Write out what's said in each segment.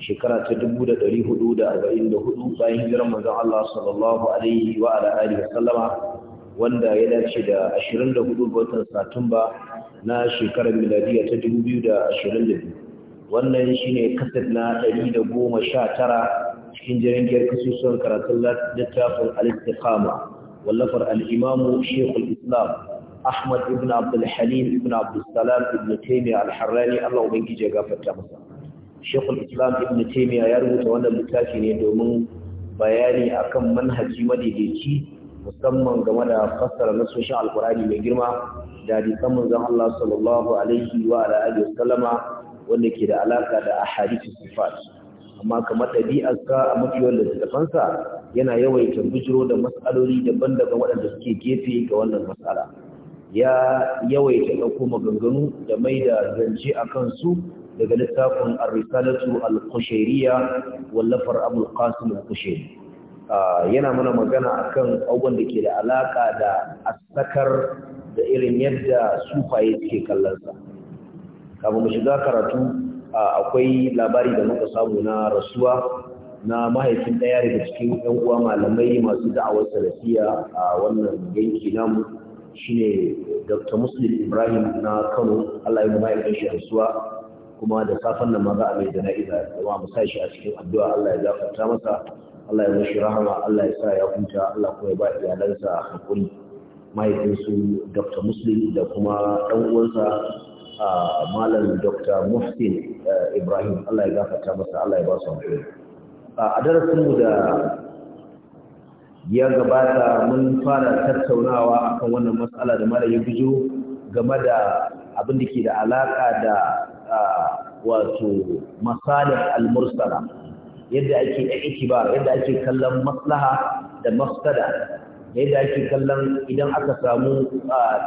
shekara ta dubu da da da hudu arba'in hudu bayan hijirar manzon Allah sallallahu alaihi wa ala alihi wasallama wanda ya dace da ashirin 24 ga watan Satumba na shekarar miladiya ta dubu biyu da da ashirin biyu wannan shine kasad na da goma sha tara cikin jirangiyar kasusuwan karatun littafin al-istiqama wallafar al-imamu shekul islam Ahmad ibn Abdul Halim ibn Abdul Salam ibn Taymiyyah al-Harrani Allah ubangiji ya gafarta masa shekul islam ibn Taymiyyah ya rubuta wannan littafi ne domin bayani akan manhaji madaidaici musamman game da fassara nasoshin alkurani mai girma da dukkan manzon Allah sallallahu alaihi wa alihi wasallama wanda ke da alaka da ahadithu sifat amma kamar ɗabi'arsa a mafiyar littattafansa yana yawaita bujiro da matsaloli daban-daban waɗanda suke gefe ga wannan matsala ya yawaita ɗauko maganganu da mai da zance a kansu daga littafin ar-risalatu al-qushayriyya wallafar Abu Qasim al-Qushayri ah, yana mana magana akan abubuwan da ke da alaƙa da asakar da irin yadda sufaye suke kallon kafin mu shiga karatu ah, akwai labari da muka samu na rasuwa na mahaifin ɗaya daga cikin ‘yan uwa malamai masu da'awar salafiya a wannan yanki namu shine dr muslim ibrahim na kano allah ya mahaifin shi rasuwa kuma da safan nan ma za a mai jana'iza kuma mu sa shi a cikin addu'a Allah ya gafarta masa Allah ya mishi rahama Allah ya sa ya kunta. Allah kuma ya ba iyalansa hakuri mahaifinsu Dr. Muslim da kuma ɗan uwansa Malam Dr. Muftin Ibrahim Allah ya gafarta masa Allah ya ba su hakuri a darasin mu da ya gabata mun fara tattaunawa akan wannan matsala da mara ya bijo game da abin da ke da alaƙa da wato masalih al-mursala yadda ake ikibar yadda ake kallon maslaha da mafsada yadda ake kallon idan aka samu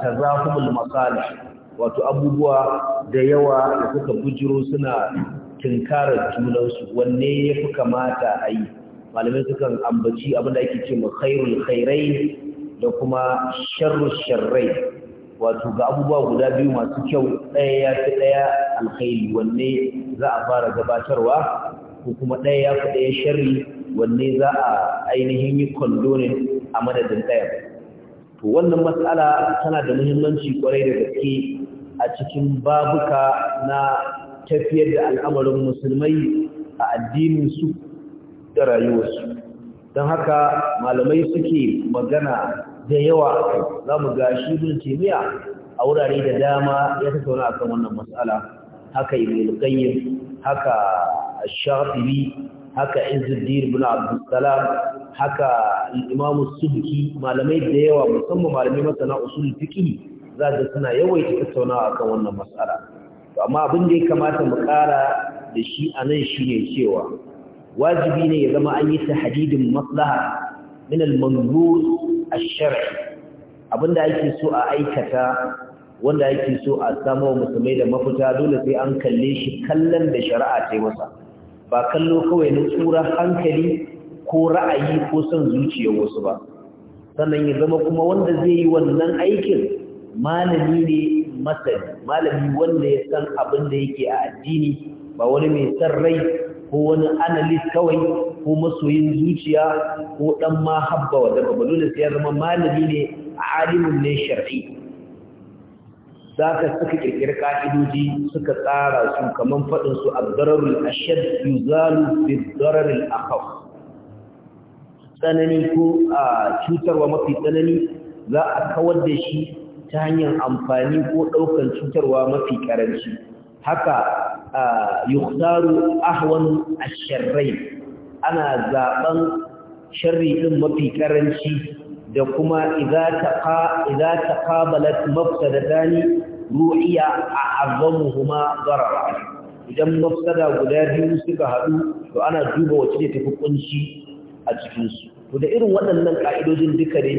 tazahumul masalih wato abubuwa da yawa da suka bujiro suna tinkara junansu wanne ya fi kamata a yi malamai sukan ambaci abinda ake ce mu khairul khairai da kuma sharru sharrai wato ga abubuwa guda biyu masu kyau ɗaya ya fi ɗaya alkhairi wanne za a fara gabatarwa ko kuma ɗaya ya fi ɗaya sharri wanne za a ainihin yi kwandonin a madadin ɗaya to wannan matsala tana da muhimmanci kwarai da gaske a cikin babuka na tafiyar da al'amarin musulmai a addininsu da rayuwarsu don haka malamai suke magana da yawa za mu ga shi ibn taymiya a wurare da dama ya tattauna akan wannan mas'ala haka ibn qayyim haka ash-shafi'i haka izzuddin ibn abdus haka al-imam as-subki malamai da yawa musamman malamai masana usul fiqh za da suna yawaita tattaunawa akan wannan mas'ala amma abin da ya kamata mu ƙara da shi a nan shine cewa wajibi ne ya zama an yi tahdidin maslaha min al-manzur ash-shar'i abinda ake so a aikata wanda ake so a samu musulmai da mafuta dole sai an kalle shi kallon da shari'a ta masa ba kallo kawai na tsura hankali ko ra'ayi ko son zuciyar wasu ba sannan ya zama kuma wanda zai yi wannan aikin malami ne masani malami wanda ya san abin da yake a addini ba wani mai san rai ko wani analyst kawai ko masoyin zuciya ko dan ma habba wa daga ba dole sai ya zama malami ne alimin ne shar'i zaka suka kirkiri ka'idoji suka tsara su kaman fadin su ad-dararul ashad yuzalu bid-dararil akhaf tsanani ko a cutarwa mafi tsanani za a kawar da shi ta hanyar amfani ko ɗaukar cutarwa mafi ƙaranci haka yukhtaru ahwan ash ana zaban sharri din mafi karanci da kuma idza taqa idza taqabalat mafsadatani ru'iya a'azzamuhuma darara idan mafsada guda biyu suka haɗu to ana duba wacce ne tafi kunci a cikin su to da irin waɗannan ka'idojin duka ne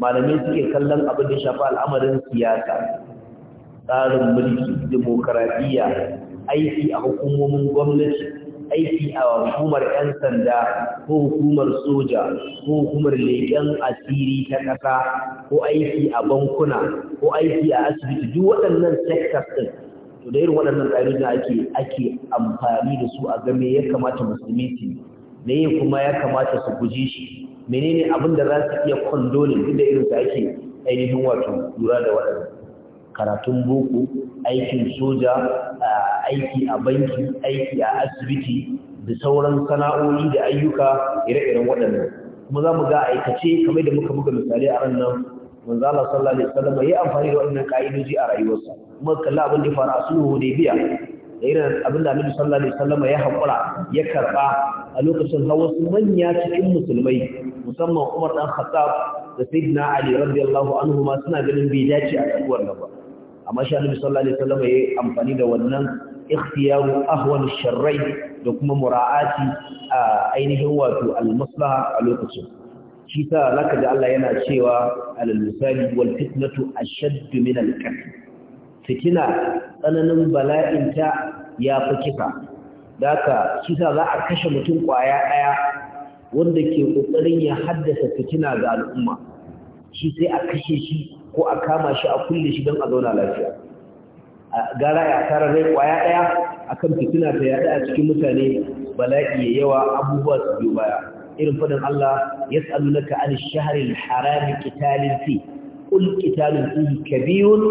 malamai suke kallon abin da shafi al'amarin siyasa tsarin mulki demokaradiyya aiki a hukumomin gwamnati aiki a hukumar 'yan sanda ko hukumar soja ko hukumar leƙen asiri ta ƙasa ko aiki a bankuna ko aiki a asibiti duk waɗannan sectors ɗin to da irin waɗannan ƙa'idodi ake ake amfani da su a game ya kamata musulmi su ne kuma ya kamata su guji shi menene abin da za su iya kwandolin duk da irin su ake ainihin wato lura da waɗannan karatun boko aikin soja aiki a banki aiki a asibiti da sauran sana'o'i da ayyuka ire-iren waɗannan kuma za mu ga aikace kamar da muka buga misali a ranar manzo Allah sallallahu alaihi wasallam amfani da wannan ka'idoji a rayuwarsa kuma kalla abin da faru a sulhu Hudaybiya da irin abin da Annabi sallallahu alaihi wasallam ya hakura ya karba a lokacin hawasu manya cikin musulmai musamman Umar dan Khattab da Sayyidina Ali radiyallahu anhu ma suna ganin bai dace a cikin nan ba amma shi annabi sallallahu alaihi wasallam amfani da wannan ikhtiyaru ahwan sharrai da kuma mura'ati a ainihin wato al-maslaha a lokacin shi ta zaka ji Allah yana cewa al-misali wal fitnatu ashadd min al-qatl fitina tsananin bala'in ta ya fi kisa daka shi ta za a kashe mutum kwaya daya wanda ke kokarin ya haddasa fitina ga al'umma shi sai a kashe shi ko a kama shi a kulle shi don a zauna lafiya gara ya tara rai kwaya daya akan fitina ta yada a cikin mutane bala'i ya yawa abubuwa su biyu baya irin fadin Allah yas'alunaka an ash-shahri al-haram qitalin fi qul qitalun fihi kabirun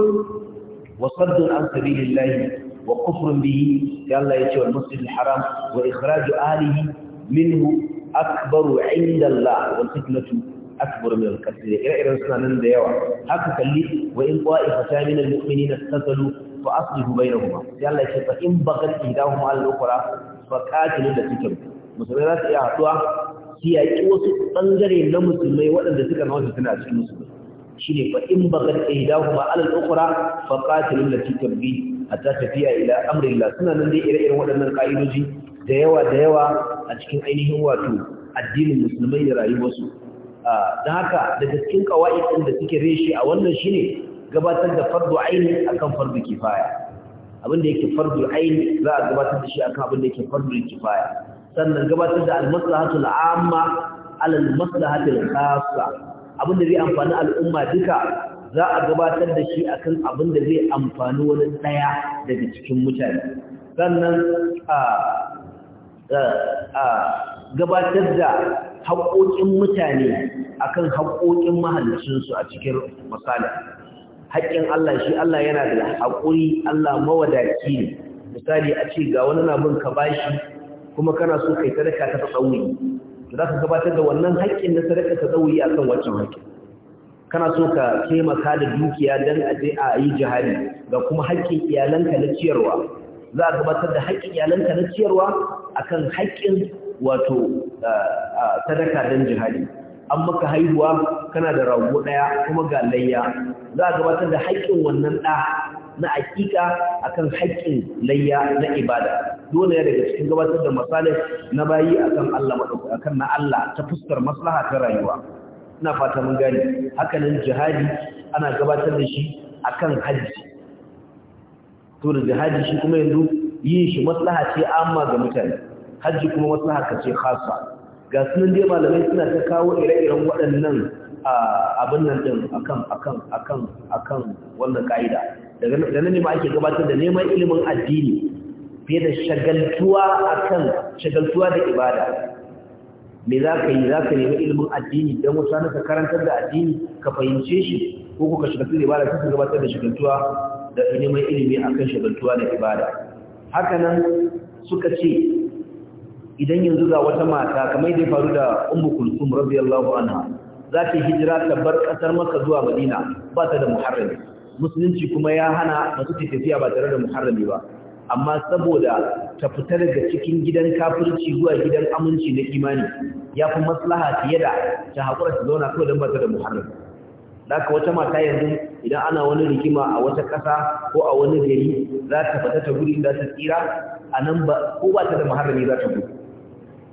wa saddun an sabilillah wa kufrun bihi ya Allah ya ce wa al-haram wa ikhraju alihi minhu akbaru 'inda Allah wal fitnatu akbar min al-qasr suna nan da yawa haka kalli wa in qa'ifatan na al-mu'minina tasalu fa aslihu bainahuma sai Allah ya ce fa in bagat ihdahum al-ukhra fa qatilu da cikin musulmai za su iya haɗuwa su yaƙi wasu ɓangare na musulmai waɗanda suka nawa suna cikin musulmai shi ne fa in bagat ihdahum al-ukhra fa qatilu da cikin bi tafiya suna nan waɗannan ka'idoji da yawa a cikin ainihin wato addinin musulmai da rayuwarsu da haka daga cikin kawai da suke reshe a wannan shine gabatar da fardu aini akan fardu kifaya abin da yake fardu aini za a gabatar da shi akan abin da yake fardu kifaya sannan gabatar da almaslahatul amma alal maslahatul khassa abin da zai amfani al'umma duka za a gabatar da shi akan abin da zai amfani wani daya daga cikin mutane sannan a gabatar da haƙoƙin mutane akan haƙoƙin mahallicinsu a cikin misali haƙƙin Allah shi Allah yana da haƙuri Allah mawadaki ne misali a ce ga wani labin ka bashi kuma kana so kai sadaka ta tsauri za ka gabatar da wannan haƙƙin na sadaka ta tsauri kan wancan haƙƙin kana so ka taimaka da dukiya don a je a yi jihari ga kuma haƙƙin iyalanka na ciyarwa za a gabatar da haƙƙin iyalanka na ciyarwa akan haƙƙin wato sadaka don jihadi an maka haihuwa kana da rago ɗaya kuma ga layya za a gabatar da haƙƙin wannan ɗa na aƙiƙa akan haƙƙin layya na ibada dole ya daga cikin gabatar da masalih na bayi akan Allah madauki akan na Allah ta fuskar maslaha ta rayuwa ina fata mun gane hakanan jihadi ana gabatar da shi akan haji to da jihadi shi kuma yanzu yin shi maslaha ce amma ga mutane hajji kuma wasu haka ce khasa ga sunan dai malamai suna ta kawo ire-iren waɗannan abin nan din akan akan akan akan wannan ka'ida Da nan ne ma ake gabatar da neman ilimin addini fiye da shagaltuwa akan shagaltuwa da ibada me za ka yi za ka nemi ilimin addini don wasu ka karantar da addini ka fahimce shi ko ka shagaltu da ibada sai ka gabatar da shagaltuwa da neman ilimi akan shagaltuwa da ibada hakanan suka ce idan yanzu ga wata mata kamar da ya faru da ummu kulsum radiyallahu anha za ta hijira ta bar kasar maka zuwa madina ba ta da muharrami musulunci kuma ya hana masu tafiya ba tare da muharrami ba amma saboda ta fita daga cikin gidan kafirci zuwa gidan aminci na imani ya fi maslaha fiye da ta haƙura ta zauna kawai don ba ta da muharrami Daka wata mata yanzu idan ana wani rigima a wata ƙasa ko a wani gari za ta fita ta gudu da ta tsira a nan ba ko ba ta da muharrami za ta gudu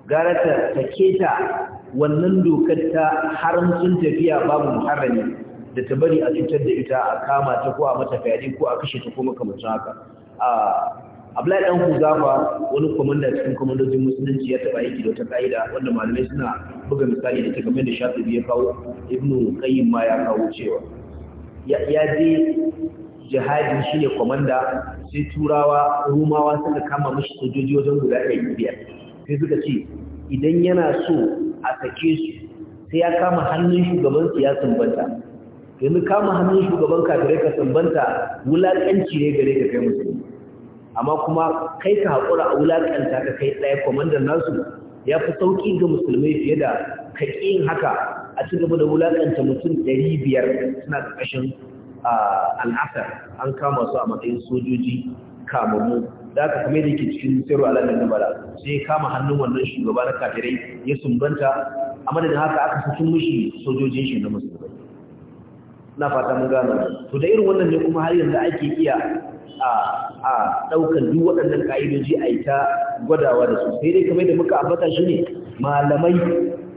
gara ta take wannan dokar ta haramcin tafiya babu muharrami da ta bari a cutar da ita a kama ta ko a mata fyaɗe ko a kashe ta ko makamacin haka Abdullahi dan Kuzafa wani komanda cikin komandojin musulunci ya taba yake da wata kaida wanda malamai suna buga misali da take kamar da shafi ya kawo Ibnu Qayyim ma ya kawo cewa ya je jihadin shine komanda sai turawa rumawa suka kama mishi sojoji wajen guda biyar. sai suka ce idan yana so a sake su sai ya kama hannun shugaban ya sumbanta yanzu kama hannun shugaban gare ka sumbanta wulaƙanci ne gare ka kai musu amma kuma kai ka haƙura a wulaƙanta ka kai ɗaya kwamandan nasu ya fi sauƙi ga musulmai fiye da ƙin haka a ci gaba da wulaƙanta mutum ɗari biyar suna ƙarƙashin ah, al'asar an kama su a matsayin sojoji kamammu da aka kamar da yake cikin sirru alamin da bala sai kama hannun wannan shugaba na kafirai ya sumbanta a madadin haka aka sakin mushi sojojin shi na musulmai na fata mun gano to da irin wannan ne kuma har yanzu ake iya a a daukar duk waɗannan ka'idoji a ita gwadawa da su sai dai kamar da muka ambata shi ne malamai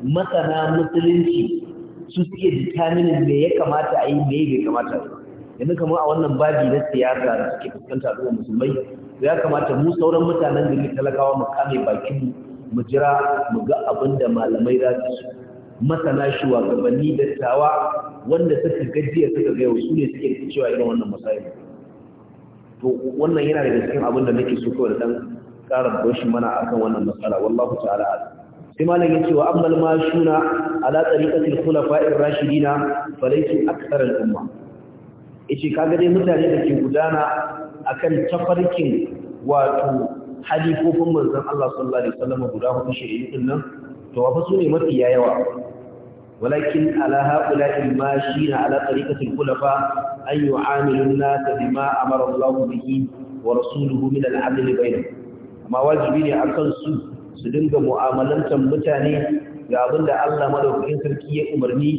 masana musulunci su suke determining me ya kamata a yi me bai kamata yanzu kamar a wannan babi na siyasa da suke fuskanta a musulmai ya kamata mu sauran mutanen gari talakawa mu kame bakin mu jira mu ga abin da malamai za su masana da dattawa wanda suka gajiya suka ga su ne suke cewa irin wannan masayin to wannan yana daga cikin abin da nake so kawai da dan karar goshin mana akan wannan matsala wallahu ta'ala sai malam ce wa ammal shuna ala tariqatil khulafa'ir rashidina falaysa akthar al umma yace kaga dai mutane da ke gudana akan tafarkin wato halifofin manzon Allah sallallahu alaihi wasallam guda hudu shari'in yi nan to wa su ne mafi yawa walakin ala haula'i ma shi na ala tariqatil khulafa an yu'amilu an-nas bima amara Allah bihi wa rasuluhu min al-'adl bainahum amma wajibi ne akan su su dinga mu'amalantar mutane ga abinda Allah madaukakin sarki ya umarni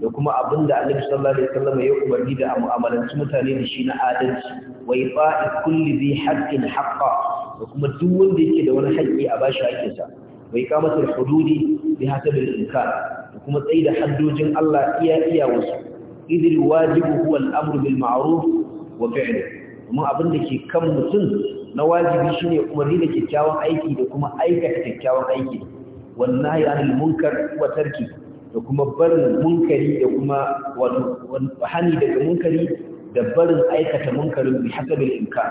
da kuma abinda Annabi sallallahu alaihi wasallam ya umarni da mu'amalanci mutane da shi na adalci wa ifa'i kulli bi haqqin haqqa da kuma duk wanda yake da wani haƙƙi a bashi haƙƙinsa wa iqamatul hududi bi hasabil imkan da kuma tsaida haddojin Allah iya iya wasu idil wajibu huwa al-amru bil ma'ruf wa fi'lu kuma abin da ke kan mutum na wajibi shine umarni da kyakkyawan aiki da kuma aikata kyakkyawan aiki wallahi anil munkar wa tarki da kuma barin munkari da kuma hani daga munkari da barin aikata munkarin bi inka. imkan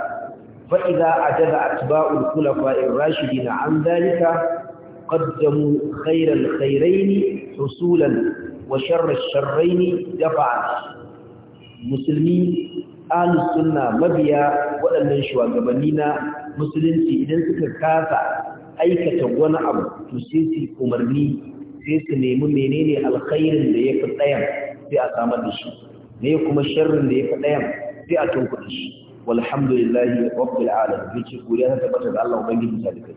fa idza ajaza atba'ul khulafa'ir rashidin an dhalika قدموا خير rasulan wa وشر الشرين دفعا مسلمي اهل السنه mabiya waɗannan shugabanni na musulunci idan suka kasa aikata wani abu to sai su umarni sai su nemi menene alkhairin da ya fi tsayan sai a samar da shi ne kuma sharrin da ya fi ɗayan sai a tunkuɗe shi walhamdulillahi rabbil alamin ce godiya ta tabbata da Allah ubangiji ta duka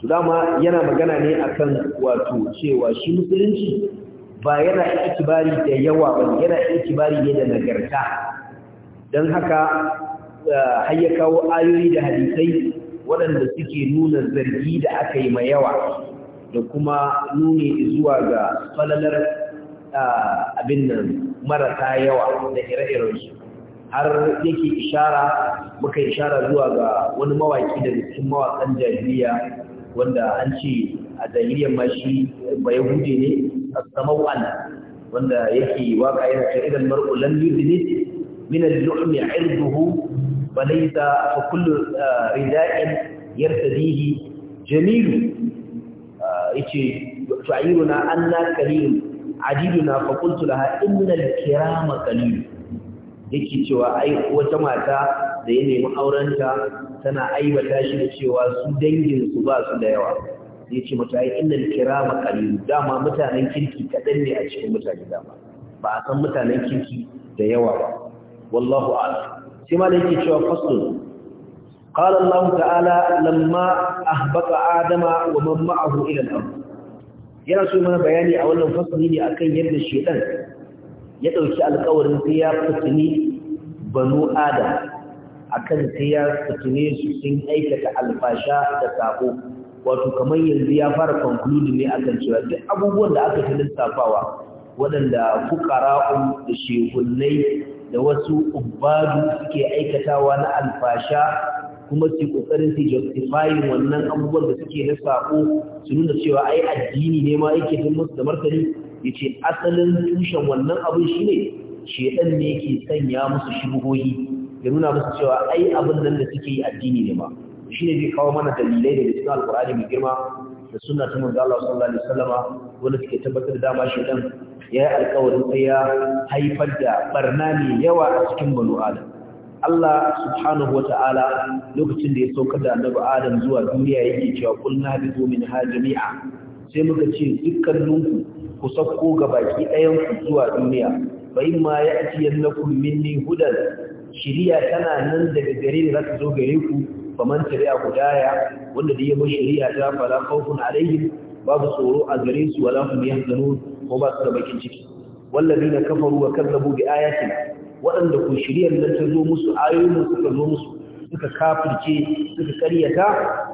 to dama yana magana ne akan wato cewa shi musulunci ba yana ikibari da yawa ba yana ikibari ne da nagarta don haka eh, har kawo ayoyi da hadisai waɗanda suke nuna zargi da aka yi mai yawa da kuma nuni zuwa ga falalar abin nan marasa yawa da ire-irensu har yake ishara muka ishara zuwa ga wani mawaki da cikin mawakan jahiliya wanda an ce a jahiliyar ma shi bai huje ne a samau'an wanda yake waka yana ta idan mar'u lam yudni min al-lu'mi 'irduhu fa fa kullu rida'in yartadihi jamil yace tu'ayiruna anna kalim adiduna fa qultu laha innal kirama qalil yake cewa ai wata mata da ya nemi aurenta tana aibata shi da cewa su dangin su ba su da yawa sai mata ai innal kirama qalil dama mutanen kirki kadan ne a cikin mutane dama ba a san mutanen kirki da yawa ba wallahu a'lam sai ma yake cewa fasul qala Allah ta'ala lamma ahbata adama wa mamma'ahu ma'ahu ila al yana so mana bayani a wannan fasali ne akan yadda shedan ya dauki alƙawarin sai ya fitini banu adam akan sai ya fitine su sun aikata alfasha da sako wato kamar yanzu ya fara conclude ne akan cewa duk abubuwan da aka fi lissafawa waɗanda fukara'un da shehunnai da wasu ubbadu suke aikatawa na alfasha kuma su kokarin su wannan abubuwan da suke na sako su nuna cewa ai addini ne ma yake tun musu da martani yace asalin tushen wannan abin shine shedan ne yake sanya musu shubuhohi ya nuna musu cewa ai abin nan da suke yi addini ne ma shine zai kawo mana dalilai da cikin alkur'ani mai girma da sunna ta manzo Allah sallallahu alaihi wasallama wanda suke tabbatar da dama shedan ya yi alƙawarin sai ya haifar da barna mai yawa a cikin banu adam Allah subhanahu wata'ala lokacin da ya sauka da annabi Adam zuwa duniya yake cewa kulna bi min ha jami'a sai muka ce dukkaninku ku sauko ga baki ɗayan ku zuwa duniya ma ya imma ya'tiyannakum minni hudar. Shirya tana nan daga gare ni ta zo gare ku Ba tariya ku daya wanda da yabo shiriya ta fara khawfun alaihi babu tsoro a gare su wala hum yahzanun ko ba su da bakin ciki na kafaru wa kallabu bi ayatina waɗanda ku shiryar nan ta zo musu ayoyin suka zo musu suka kafirce suka karyata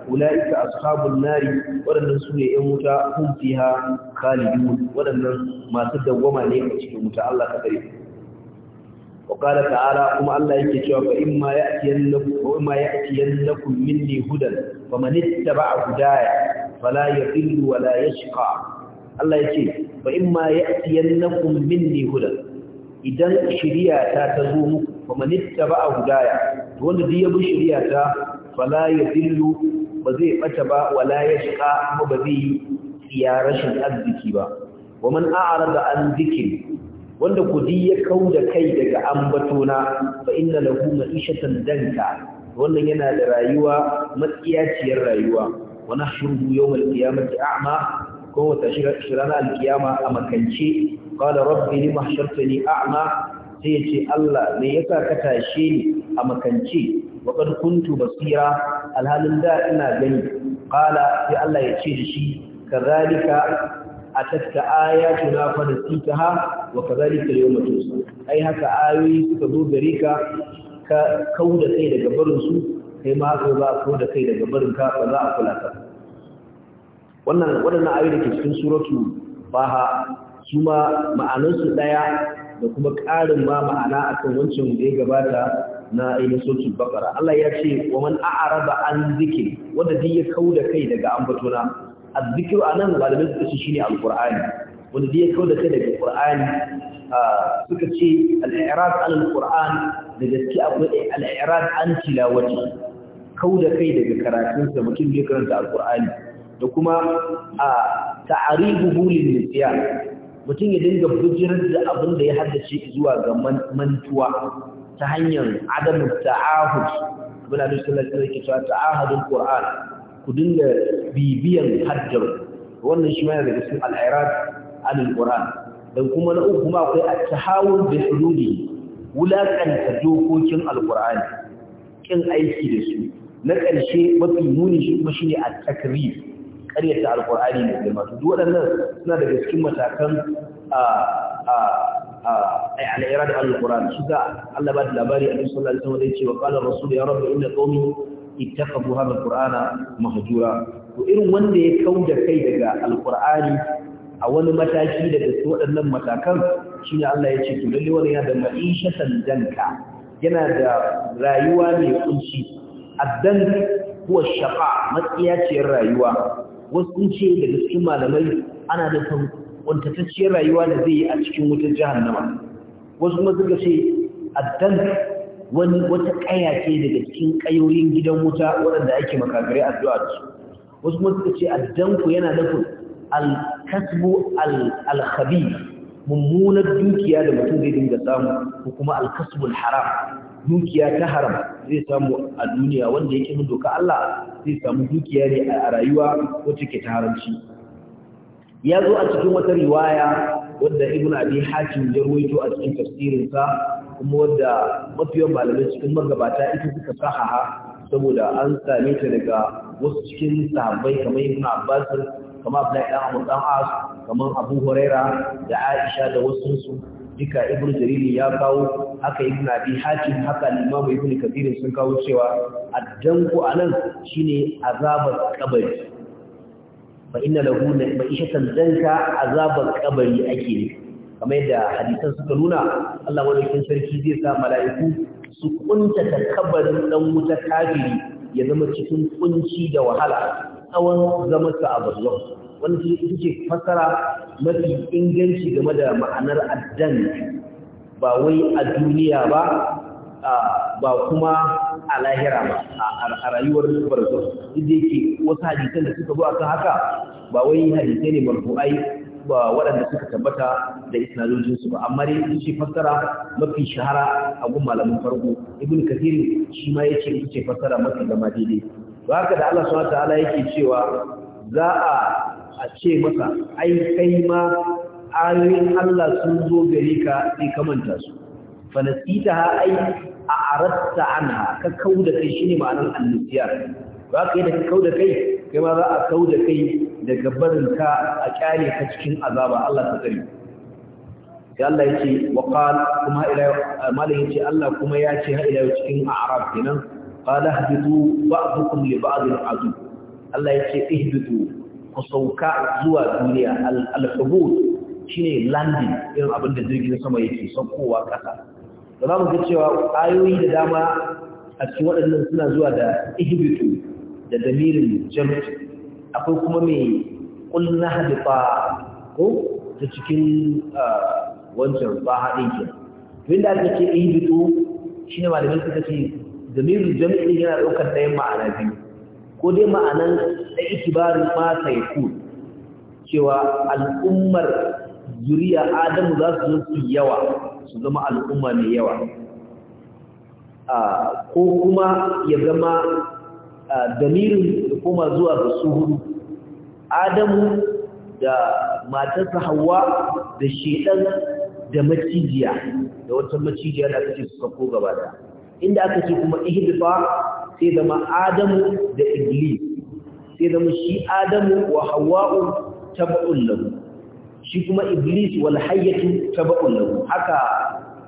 ulaika ashabun nari waɗannan su ne ƴan wuta hum fiha khalidun waɗannan masu dawwama ne a cikin wuta Allah ka kare wa qala ta'ala kuma Allah yake cewa fa imma ya'tiyannakum wa imma ya'tiyannakum minni hudan faman ittaba'a hudaya fala yadhillu wa la yashqa Allah yake fa imma ya'tiyannakum minni hudan idan shiriyata ta zo muku kuma nitta ba a hudaya to wanda duk ya bi shiriya ta fala ya ba zai bata ba wala ya shiqa kuma ba zai tsiya rashin arziki ba wa man a'rada an zikri wanda kudi ya kauda kai daga ambatona fa inna lahu ma'ishatan danka wannan yana da rayuwa matsiyaciyar rayuwa wa nahshuruhu yawm al-qiyamati a'ma ko wata shirana al-qiyama a makance qala rabbi lima hashartani a'ma sai ya ce Allah me yasa ka tashe ni a makance wa qad kuntu basira alhalin da ina gani qala sai Allah ya ce shi kadhalika atatka ayatuna fa nasitaha wa kadhalika al-yawma tusa ai haka ayoyi suka zo gare ka ka kauda kai daga barin su kai ma haka ba, ka kauda kai daga barin ka ba za a kula ka wannan wadannan ayoyi da ke cikin suratu baha su ma ma'anarsu ɗaya da kuma ƙarin ma ma'ana akan wancan da ya gabata na ainihin sotul bakara Allah ya ce wa man a'araba an zikir wanda duk ya da kai daga ambatona azzikiru anan malamai suka ce shine alqur'ani wanda duk ya da kai daga ƙur'ani, suka ce al-i'rad an da gaske akwai al-i'rad an tilawati da kai daga karatunsa mutum ya karanta Alƙur'ani, da kuma a ta'aribu bulin nisyan mutum ya dinga bujirar da abin da ya haddace zuwa ga mantuwa ta hanyar adamin ta'ahud abin da sallallahu cewa qur'an ku dinga bibiyan haddar wannan shi yana daga cikin al-irad qur'an dan kuma na uku kuma akwai at-tahawul bi hududi dokokin al-qur'ani kin aiki da su na ƙarshe mafi muni shi kuma shine at karyata alkur'ani mai girma duk waɗannan suna daga cikin matakan a a al'ira da alkur'an su Allah ba da labari a cikin sallallahu alaihi wasallam da wa qala rasul ya rabbi inna qaumi ittaqabu hadha alqur'ana mahjura to irin wanda ya kauda kai daga alkur'ani a wani mataki daga su waɗannan matakan shine Allah ya ce to lalle wannan yana da ma'ishatan danka yana da rayuwa mai kunci addan huwa shaqa matsiyaciyar rayuwa wasu sun ce daga cikin malamai ana da san kuntatacciyar rayuwa da zai yi a cikin wutar jahannama wasu kuma suka ce addan wani wata kaya ce daga cikin kayoyin gidan wuta waɗanda ake makagare addu'a da su wasu kuma suka ce addan ku yana nufin alkasbu alkhabi mummunar dukiya da mutum zai dinga samu ko kuma alkasbul haram dukiya ta haram zai samu a duniya wanda yake min doka Allah zai samu dukiya ne a rayuwa ko ke ta haramci ya zo a cikin wata riwaya wadda ibn abi hatim ya ruwaito a cikin tafsirin sa kuma wadda mafiyan malamai cikin magabata ita suka sahaha saboda an same ta daga wasu cikin sahabbai kamar ibn abbas kamar abdullahi dan amr kamar abu huraira da aisha da wasu su duka ibnu jariri ya kawo haka ibnu abi hatim haka imam ibnu kathir sun kawo cewa addanku anan shine azabar kabari fa inna lahu ma'ishatan danka azabar kabari ake kamar da hadisan suka nuna Allah madaukakin sarki zai sa mala'iku su kunta kabarin dan wuta kafiri ya zama cikin kunci da wahala tsawon zamansa a barzakh wannan ita ce mafi inganci game da ma'anar addan ba wai a duniya ba ba kuma a lahira ba a rayuwar barzo inda yake wasu hadisan da suka zo kan haka ba wai hadisai ne marfu'ai ba waɗanda suka tabbata da isnadojinsu ba amma dai ita ce fassara mafi shahara a gun malamin farko ibn kathir shi ma yace ita ce fassara mafi gama daidai ba haka da Allah subhanahu wa ta'ala yake cewa za a a ce masa ai kai ma ayoyin Allah sun zo gare ka sai ka manta su falasita ha ai a aratta anha ka kauda kai shine ma'anar annisiyar ba yi da ka kauda kai kai ma za a kauda kai daga barin ka a kyale ka cikin azaba Allah ta tsari. Ya Allah yake wa qal kuma ila ya ce Allah kuma ya ce ha ila cikin a'rab kenan qala hadidu ba'dukum li ba'd al'adu Allah ya yake ihbitu Kusauka zuwa duniya al-hubud shine landing irin abin da jirgin sama yake saukowa kasa da za mu ga cewa ayoyi da dama a cikin waɗannan suna zuwa da ihbitu da damirin jamci akwai kuma mai kullu hadifa ko ta cikin ah, wancan ba hadin ke tun da aka ce ihbitu shine malamin suka ce damirin jamci yana ɗaukar ɗayan ma'ana biyu ko dai ma'anan da ikibarin ma ya ku cewa al'ummar zuriya adamu za su zo yawa su zama al'umma mai yawa ko kuma ya zama damirin da koma zuwa ga su hudu adamu da matarsa hawa da shedan da macijiya da wata macijiya da ake su sako gaba da inda aka ce kuma ihdifa sai zama adamu da iblis sai zama shi adamu wa hawa'u taba'un lahu shi kuma iblis wal hayyatu taba'un lahu haka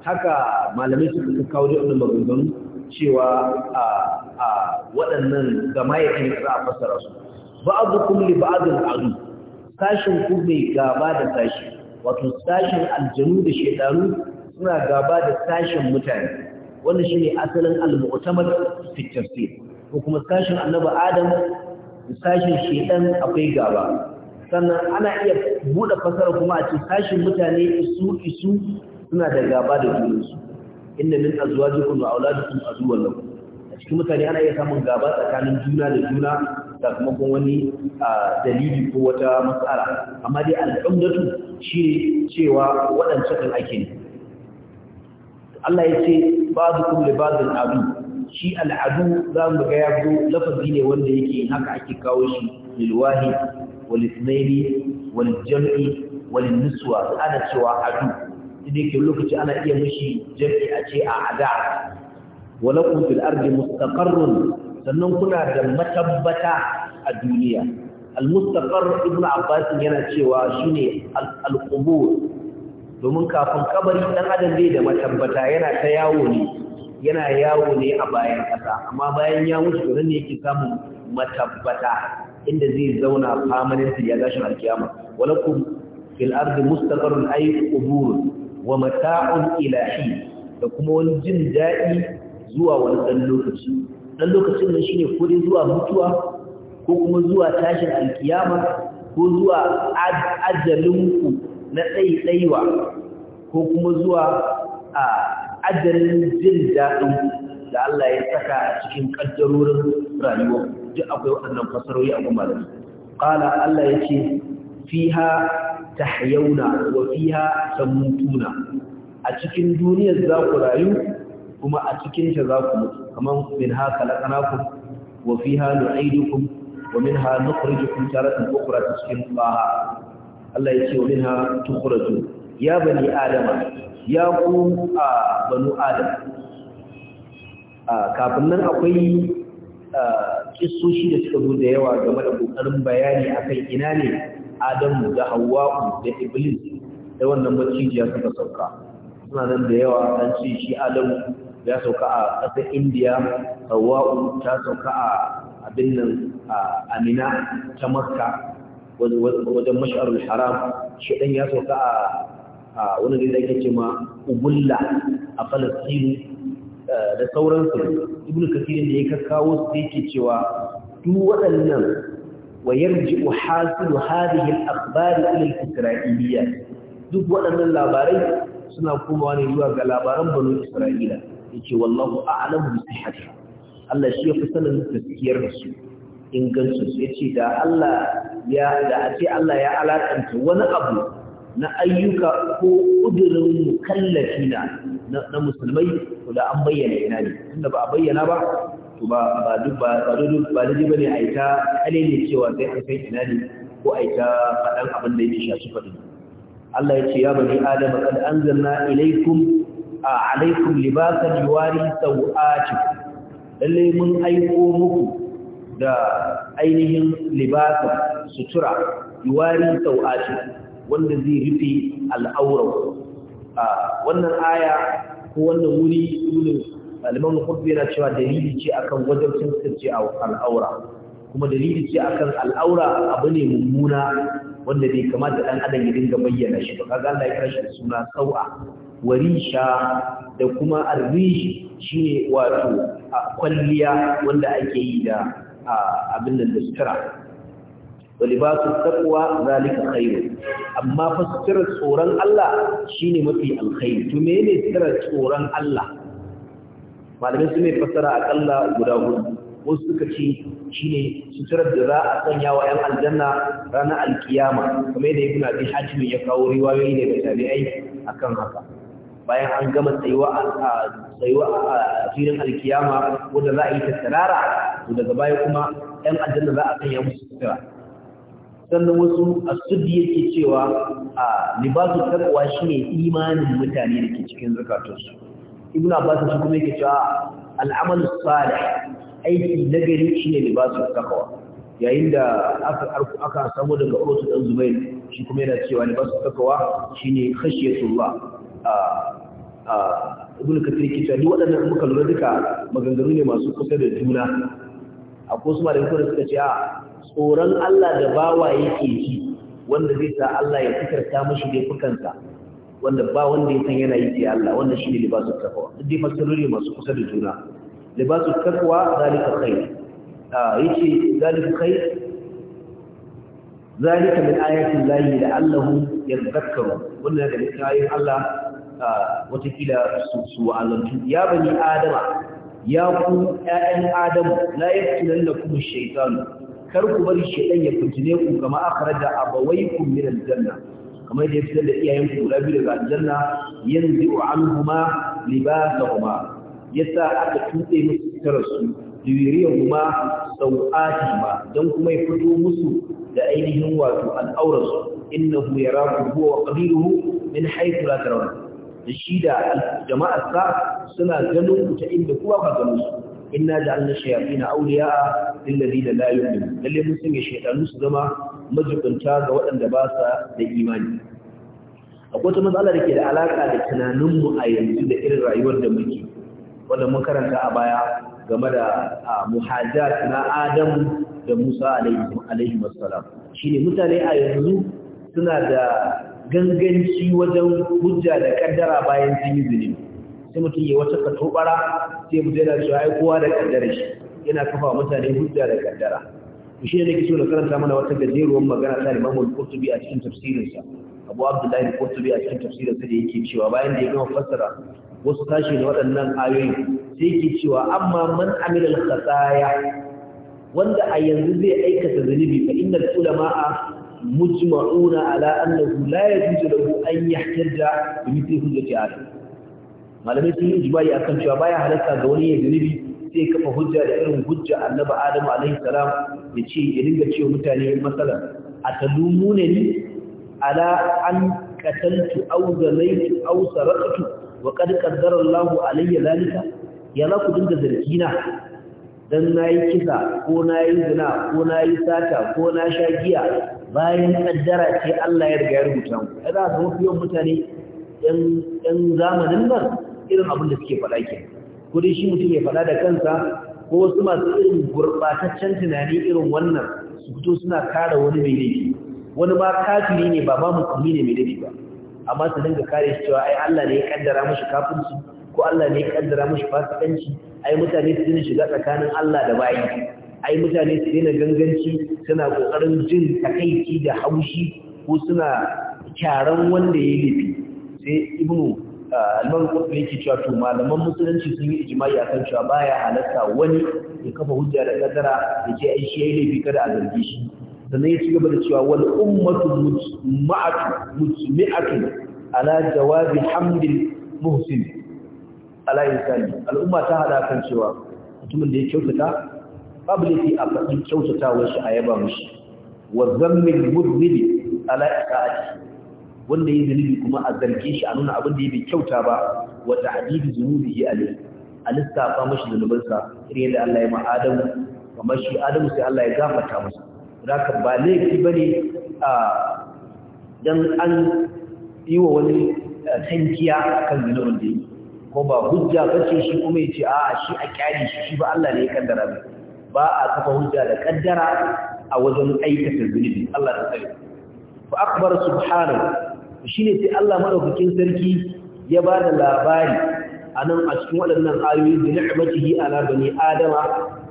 haka malamai suka kawo da wannan cewa a a waɗannan gamayyaki da za a fassara su ba'dukum li ba'dil aru, sashen ku mai gaba da sashi wato sashen aljanu da shedanu suna gaba da sashen mutane wannan shi ne asalin al-mu'tamad fi tafsir ko kuma sashin annabi adam da sashin shedan akwai gaba sannan ana iya bude fasara kuma a ce sashin mutane isu isu suna da gaba da junansu inna min azwajikum wa auladikum azwajun lakum a cikin mutane ana iya samun gaba tsakanin juna da juna sakamakon wani dalili ko wata matsala amma dai al'umdatu shi cewa waɗancan ake ne Allah ya ce bazu kum li bazin adu shi al'adu za mu ga ya zo lafazi ne wanda yake haka ake kawo shi lil wani wal wani jam'i wal niswa ana cewa adu idan ke lokaci ana iya mushi jam'i a ce a ada walakum fil ardi sannan kuna da matabbata a duniya al mustaqarr ibnu abbas yana cewa shine al domin kafin kabari dan adam zai da matabbata yana ta yawo ne yana yawo ne a bayan ƙasa amma bayan ya mutu to ne yake samun matabbata inda zai zauna permanent ya gashin alkiyama walakum fil ardi mustaqarrun ay quburun wa mata'un ilahi da kuma wani jin daɗi zuwa wani ɗan lokaci ɗan lokacin nan shine ko dai zuwa mutuwa ko kuma zuwa tashin alkiyama ko zuwa ajalinku na ɗaiɗaiwa ko kuma zuwa a adalin jin daɗin da Allah ya saka a cikin ƙaddarorin rayuwa duk akwai waɗannan fasarori a kuma da qala Allah yace fiha tahyauna wa fiha mutuna. a cikin duniyar za ku rayu kuma a cikin ta za ku mutu kaman min ha ku, wa fiha ku wa minha nukhrijukum taratan ukhra cikin baha Allah ya ce wa minha tukhrajun ya bani adama ya ku a banu adam kafin nan akwai kissoshi da suka zo da yawa game da kokarin bayani akan ina ne adamu da hawa'u da iblis da wannan macijiya suka sauka suna nan da yawa an ce shi adamu ya sauka a ƙasar indiya hawa'u ta sauka a abin nan a amina ta makka wajen mash'arul haram shi ɗan ya sauka a wani gari da yake ce ma ubulla a falastinu eh, da sauransu ibnu kasirin da ya kakkawo su ke cewa duk waɗannan wa yarji'u hasilu hadhihi al-akhbar duk waɗannan labarai suna komawa ne zuwa ga labaran banu isra'ila yace wallahu a'lamu bi sihhatiha Allah shi ya fi sanin gaskiyar da su ingancin sai yace da Allah ya da a ce Allah ya alakanta wani abu na ayyuka ko kudirin mukallafi na na musulmai to da an bayyana ina ne tunda ba a bayyana ba to ba ba duk ba ba duk ba duk bane a ita kalele cewa sai an kai ina ne ko a ita fadan abin da yake shafi fadin Allah ya ce ya bani adama kad anzalna ilaykum alaikum libasan yuwari sau'atikum lalle mun aiko muku da ainihin libasa sutura yuwari sau'ashi wanda zai rufe al'aurau a wannan aya ko wannan wuri wulin alman kurbi yana cewa dalili ce akan wajen a al'aura kuma dalili ce akan al'aura abu ne mummuna wanda bai kamata ɗan adam ya dinga bayyana shi ba kaga Allah ya kira suna sau'a warisha da kuma arrish shine wato kwalliya wanda ake yi da abin da wa libasu taqwa zalika khairu amma fa tsira tsoron Allah shine mafi alkhairi to menene tsira tsoron Allah malamai su ne fasara akalla guda hudu wasu suka ce shine suturar da za a sanya wa 'yan aljanna ranar alkiyama kamar yadda ibnu abi hatim ya kawo riwayoyi daga tabi'ai akan haka bayan an gama tsayuwa a filin alkiyama wanda za a yi tattarara to daga baya kuma ‘yan aljanna za a sanya musu sutura sannan wasu a sudi yake cewa a libasu takwa shi ne imanin mutane da ke cikin zukatunsu ibn abbas shi kuma yake cewa al'amal salih aiki gari shi ne libasu takawa, yayin da aka samu daga Urwatu dan Zubairu, shi kuma yana cewa ne basu takawa shine ibn kathir ke ni duk waɗannan muka lura duka maganganu ne masu kusa da juna akwai su malamin kuma suka ce a tsoron Allah da bawa yake ji wanda zai sa Allah ya fitarta mashi da fukansa wanda ba wanda ya san yana yi sai Allah wannan shine libasul taqwa duk dai fasarori masu kusa da juna libasu taqwa zalika kai ah yace zalika kai zalika min ayatin lahi ya zakkaru wannan da cikin Allah watakila su wa'azantu ya bani adama ya ku ‘ya'yan adamu na ya tunan da kuma shaitanu kar ku bari shaitan ya fitine ku kama akarar da abawai ku miran janna kamar da ya fitar da iyayen ku guda biyu daga al-janna yanzu wa an kuma libasa kuma ya sa aka tuɗe musu tararsu jiriyan kuma sau'ati ma don kuma ya fito musu da ainihin wato al'aurarsu innahu yaraku huwa wa qabiluhu min haythu la tarawun da shi da jama'arsa suna ganin ku ta inda kowa ka gano su inna ja'alna shayatin auliya lil ladina la yu'minun lalle mun sanya shaytanu su zama majibinta ga waɗanda ba sa da imani akwai wata matsala da ke da alaka da tunanin mu a yanzu da irin rayuwar da muke wanda mun karanta a baya game da muhajjar na Adam da Musa alaihi wassalam shine mutane a yanzu suna da ganganci wajen hujja da kaddara bayan sun yi zunubi sai mutum ya wata katobara sai mutum yana cewa ai kowa da kaddara shi yana kafa mutane hujja da kaddara to shi ne nake so karanta mana wata gajeruwar magana ta Imam al a cikin tafsirinsa Abu Abdullahi al a cikin tafsirinsa da yake cewa bayan da ya gama fassara wasu tashi da waɗannan ayoyi sai yake cewa amma man amila al-khataya wanda a yanzu zai aikata zunubi fa innal ulama'a mujma'una على أنه لا يجوز له أن يحتج بمثل حجة آدم malamai sun yi ijma'i akan cewa baya halatta ga wani ya zunubi sai kafa hujja da irin hujja annabi Adamu alaihi salam ya ce ya dinga cewa mutane matsala ne ni ala an qataltu aw zalaytu aw sarqtu wa qad qaddara Allahu alayya zalika ya la ku dinga zargina dan nayi kisa ko nayi zina ko nayi sata ko na sha giya bayan kaddara ce Allah ya riga ya rubuta mu ai za su mafi mutane ɗan zamanin nan irin abin da suke faɗa ke ko dai shi mutum ya faɗa da kansa ko wasu masu irin gurɓataccen tunani irin wannan su fito suna kare wani mai laifi wani ma kafiri ne ba ba musulmi ne mai laifi ba amma su dinga kare shi cewa ai Allah ne ya kaddara mashi kafirci ko Allah ne ya kaddara mashi fasikanci ai mutane su dinga shiga tsakanin Allah da bayi ai mutane su daina ganganci suna kokarin jin takaici da haushi ko suna kyaran wanda ya yi sai ibnu uh, alman kuma yake cewa to malaman musulunci sun yi ijma'i akan cewa baya halatta wani ya kafa hujja da kadara da ke ai shi yi laifi kada a zargi shi sannan ya ci gaba da cewa wal ummatu mujma'atu mujmi'atu ala jawabi hamdil muhsin ala insani al'umma ta hada kan cewa mutumin da ya kyautata babu laifi a faɗin kyautatawar shi a yaba mushi wa zammin mudhnibi ala isa'ati wanda yayi zunubi kuma a zarge shi a nuna abin da yake kyauta ba wa ta'didi zunubihi alayhi a lissafa mashi zunubansa irin yadda Allah ya ma Adamu kamar shi Adamu sai Allah ya gafarta masa haka ba laifi bane a dan an yi wa wani tankiya akan zunubin da yake ko ba hujja bace shi kuma ya ce a shi a kyale shi shi ba Allah ne ya kaddara mai ba a kafa hujja da kaddara a wajen aikata zunubi Allah ta tsare fa akbar subhanahu shine sai Allah madaukakin sarki ya ba da labari a nan a cikin waɗannan ayoyi da ni'matihi ala bani adama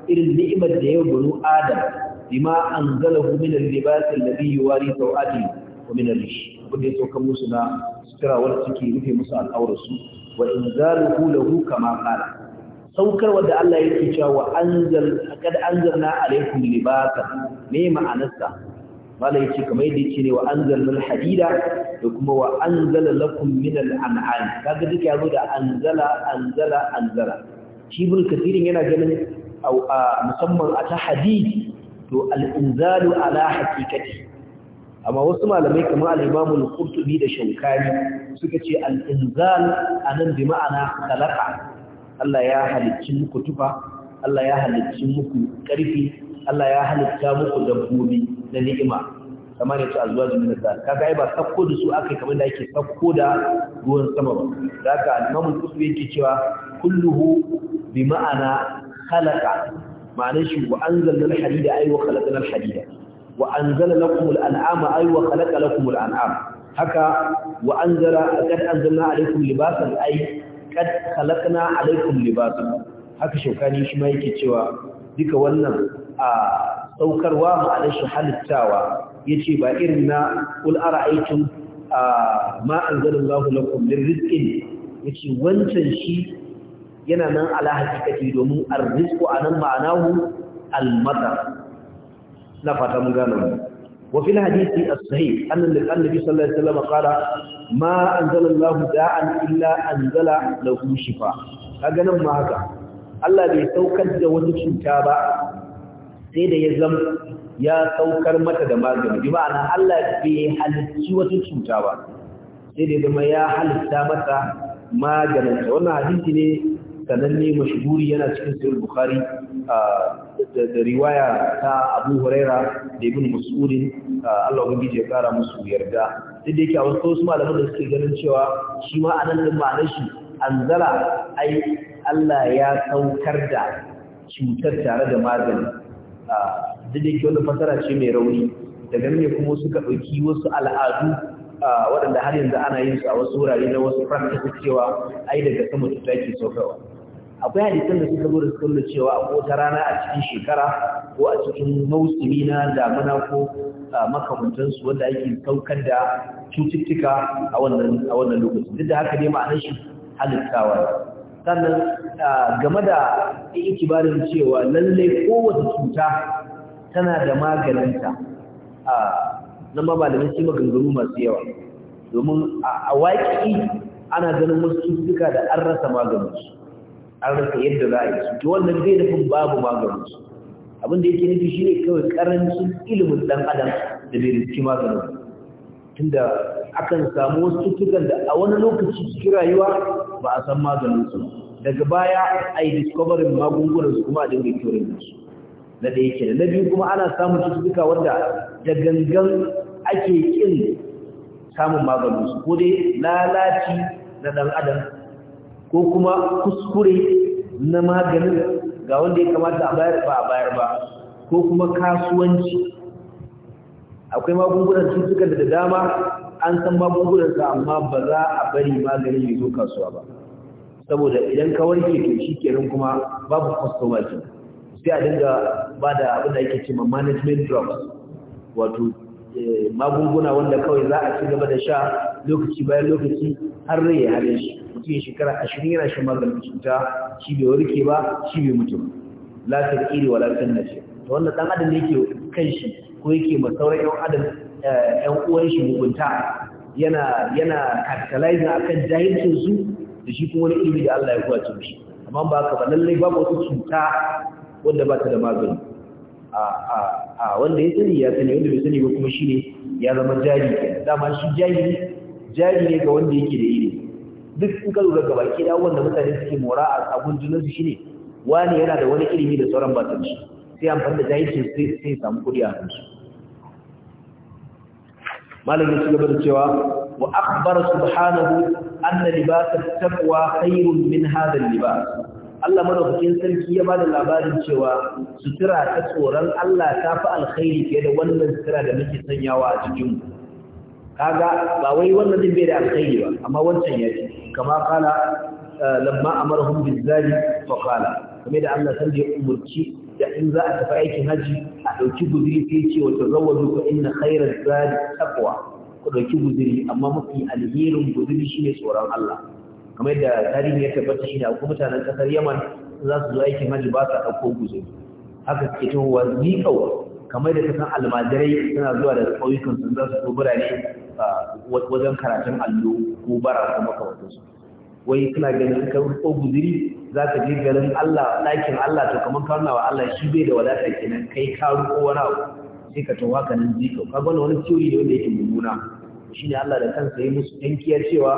irin ni'imar da ya bani adam bima anzalahu min al-libas alladhi yuwari sawati wa min al-rish wanda ya musu na sutura wanda suke rufe musu al'aurarsu wa inzaluhu lahu kama qala saukar wadda Allah yake cewa wa anzal kad anzalna alaikum libasa me ma'anarsa wala yace kamar yadda yake ne wa anzalna alhadida da kuma wa anzala lakum min al'an'am kaga duka yazo da anzala anzala anzala shi kathirin yana ganin musamman a ta hadid to al-inzalu ala haqiqati amma wasu malamai kamar al-Imam al-Qurtubi da shankani suka ce al-inzal anan bi ma'ana talaqa Allah ya halicci muku tufa Allah ya halicci muku ƙarfi Allah ya halitta muku dabbobi da ni'ima kamar yace azwaju min zalik kaga ai ba sakko da su akai kamar da yake sakko da ruwan sama ba zaka al-imam al-qusayri yake cewa kulluhu bi ma'ana khalaqa ma'anar shi wa anzalna al-hadida ay wa khalaqna al-hadida wa anzala lakum al-an'ama ay wa khalaqa lakum al-an'ama haka wa anzala qad anzalna alaykum libasan ay kad khalaqna alaikum libasan haka shaukani shi ma yake cewa duka wannan a saukarwa ma'anar shi halittawa yace ba irin na kul ara'aytum ma anzalallahu lakum min rizqin yace wancan shi yana nan ala hakikati domin arrizqu anan ma'anahu al-madar na fata mun gano وفي الحديث الصحيح أن النبي صلى الله عليه وسلم قال ما أنزل الله داء إلا أنزل له شفاء هذا نما هذا الله بي سوكر da wata cuta ba sai da ya zam ya saukar mata da magani bi ma'ana Allah bai halicci wata cuta ba sai da ya halitta mata maganin wannan hadisi ne sananne mashhuri yana cikin sahih bukhari da riwaya ta Abu Huraira da Ibn Mas'ud Allah ubangiji ya kara musu yarda duk da yake a wasu malaman da suke ganin cewa shi ma anan din ma'anar shi anzala ai Allah ya saukar da cutar tare da magani duk da yake wannan fasara ce mai rauni daga ne kuma suka ɗauki wasu al'adu waɗanda har yanzu ana yin su a wasu wurare na wasu practice cewa ai daga sama cuta ke saukarwa akwai hadisan da suka zo da suka nuna cewa a wata rana a cikin shekara ko a cikin mausumi na damuna ko ah, makamantansu wanda ake saukar da cututtuka a wannan a lokacin duk da haka ne ma'anar shi halittawa sannan ah, game da ikibarin cewa lalle kowace cuta tana da maganinta a ah, nan ma malamin sai maganganu masu yawa domin a waƙi ana ganin wasu cututtuka da an rasa maganinsu an rasa yadda za a yi su wannan zai nufin babu maganin su abin yake nufi shi ne kawai karancin ilimin dan adam da bai rikici maganin tunda akan samu wasu cututtukan da a wani lokaci cikin rayuwa ba a san maganin su daga baya a yi discovering magungunan su kuma a dinga curing su na da na biyu kuma ana samun cututtuka wanda da gangan ake kin samun maganin su ko dai lalaci na dan adam ko kuma kuskure na maganin ga wanda ya kamata a bayar ba a bayar ba ko kuma kasuwanci akwai magungunan cutukan da dama an san magungunansa amma ba za a bari maganin ya zo kasuwa ba saboda idan ka warke to kenan kuma babu customer ki sai a dinga ba da abin da ake cewa management drugs wato eh, magunguna wanda kawai za a ci gaba da sha lokaci bayan lokaci har rai ya hare shi ke shekara ashirin yana shan maganin cuta shi bai warke ba shi bai mutu la taqiri wala tannashi to wannan dan adam yake kan shi ko yake ma sauran yan adam yan eh, uwan shi mugunta yana yana capitalizing akan jahilcin su da shi kuma wani ilimi da Allah ya kuwace mishi amma ba haka ba lallai babu wata cuta wanda ba ta da magani a a a wanda ya sani ya sani wanda bai sani ba kuma shi ne ya zama jari dama shi jari jari ne ga wanda yake da duk in ka lura gaba ki dawo wanda mutane suke mora a abun junan su shine wani yana da wani ilimi da sauran ba shi sai amfani da jahilci sai sai samu kudi a kansu malam ya ci gaba da cewa wa akhbara subhanahu anna libas at-taqwa khairun min hadha al-libas Allah madaukakin sarki ya bada labarin cewa sutura ta tsoron Allah ta fi alkhairi fiye da wannan sutura da muke sanyawa a cikin mu kaga ba wai wannan din bai da alkhairi ba amma wancan ya ce kama kala eh, lamma amarhum bizali fa kala kuma da Allah san da umurci da in za a tafi aikin haji a dauki guduri sai ce wa tazawwaju fa inna khayral zadi taqwa ku dauki guduri. amma mafi alherin guzuri shine tsoron Allah kamar da tarihi ya tabbata shi da mutanen kasar Yaman za su zo aikin haji ba sa dauko guzuri haka suke tawowa zikawa kamar da kasan almajirai suna zuwa da ƙauyukan sun za su so birane wajen karatun allo ko bara ko makamantansu wai kana ganin ka ko guziri za ka je garin Allah ɗakin Allah to kamar ka wa Allah shi bai da wadata kenan kai ka ruko wani abu sai ka tawa ka nan ka gwada wani ciwoyi ne wanda yake mummuna shi ne Allah da kansa ya musu ɗankiya cewa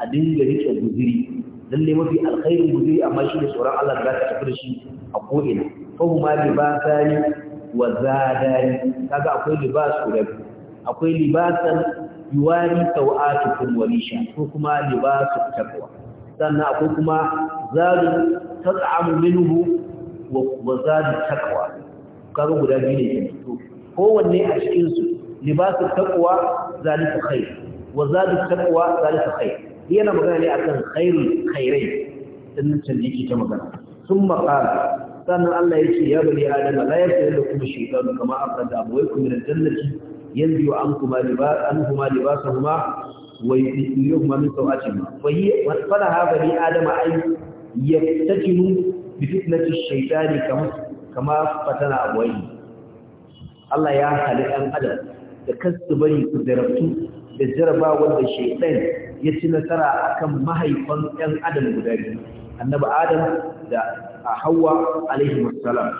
a dinga riƙe guziri lalle mafi alkhairin guziri amma shi ne tsoron Allah da za ka tafi da shi a ko'ina fahuma libasani wa zadani kaga akwai libas guda akwai libasan yuwari sau'atukum wa risha ko kuma libasu takwa sannan akwai kuma zalu tat'amu minhu wa zalu takwa kaga guda biyu ne to kowanne a cikin su libasu taqwa zalika khair wa zalu taqwa zalika khair yana magana ne akan khairul khairai din can yake ta magana summa qala sannan Allah yake ya bari adama la yasilu kuma shaytan kama aqada abawaykum min al-jannati kuma عنكما لباس عنكما لباسهما ويطيرهما من ne فهي فلا هذا لآدم أن يفتتن بفتنة الشيطان كما كما فتن أبويه الله يا خلق أن أدم da kasu bari su zarabtu da jaraba wanda shaitan ya ci nasara kan mahaifan ɗan adam guda biyu Annaba adam da hawa alaihi wassalam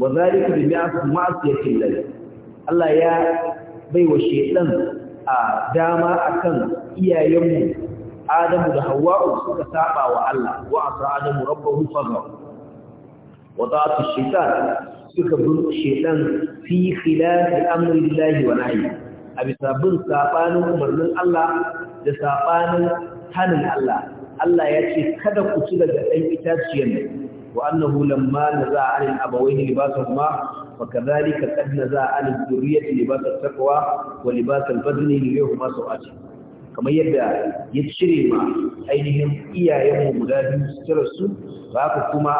wa zalika bi ma'asiyatin lillahi Allah ya baiwa wa shedan a dama akan iyayenmu Adamu da Hawwa'u suka saba wa Allah wa asa Adamu rabbahu fagha wa ta'atu shaytan suka bin shedan fi khilaf amri wa nahyi a bisa bin sabanin umarnin Allah da sabanin hanin Allah Allah ya ce kada ku ci daga ɗan itaciyar وأنه لما نزع عن الأبوين لباسهما وكذلك قد نزع عن الذرية لباس التقوى ولباس البذل ليهما سوءاته kamar yadda ya cire ma ainihin iyayenmu guda biyu suturarsu ba haka kuma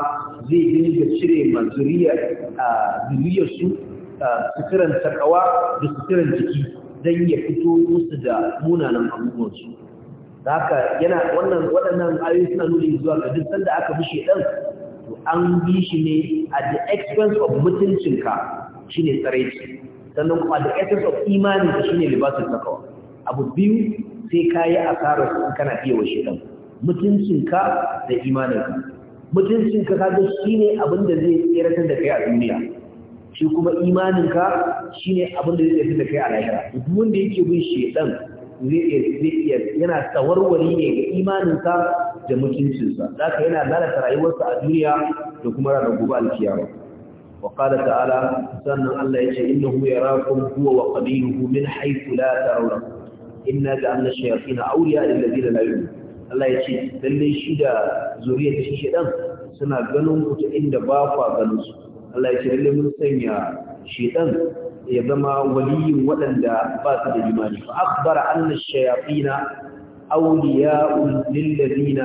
zai da cire ma zuriyarsu suturan takawa da suturan jiki don ya fito musu da munanan abubuwansu da haka yana wannan waɗannan ayoyi suna nuni zuwa ga duk sanda aka bushe ɗan. to an bi shi ne at the expense of mutuncinka shine tsaraici sannan kuma at the expense of imanin ka shine libasul takawa abu biyu sai yi asarar su kana iya washe dan mutuncinka da imaninka mutuncinka shi ne abin da zai tsiratar da kai a duniya shi kuma imaninka ne abin da zai tsiratar da kai a lahira duk wanda yake bin shedan zai iya yana tsawarwari ne ga imaninka. da mutuncinsa Za ka yana lalata rayuwarsa a duniya da kuma ranar gobe alkiyar. wa qala ta'ala sannan Allah yace innahu yarakum huwa wa qabiluhu min haythu la tarawna inna ja'alna shayatin awliya lil ladina da layu. Allah ce lallai shi da zuriyar shi suna ganin ku ta inda ba ku ganin su Allah ce lallai mun sanya shedan ya zama waliyin waɗanda ba su da imani fa akhbara anna shayatin أولياء للذين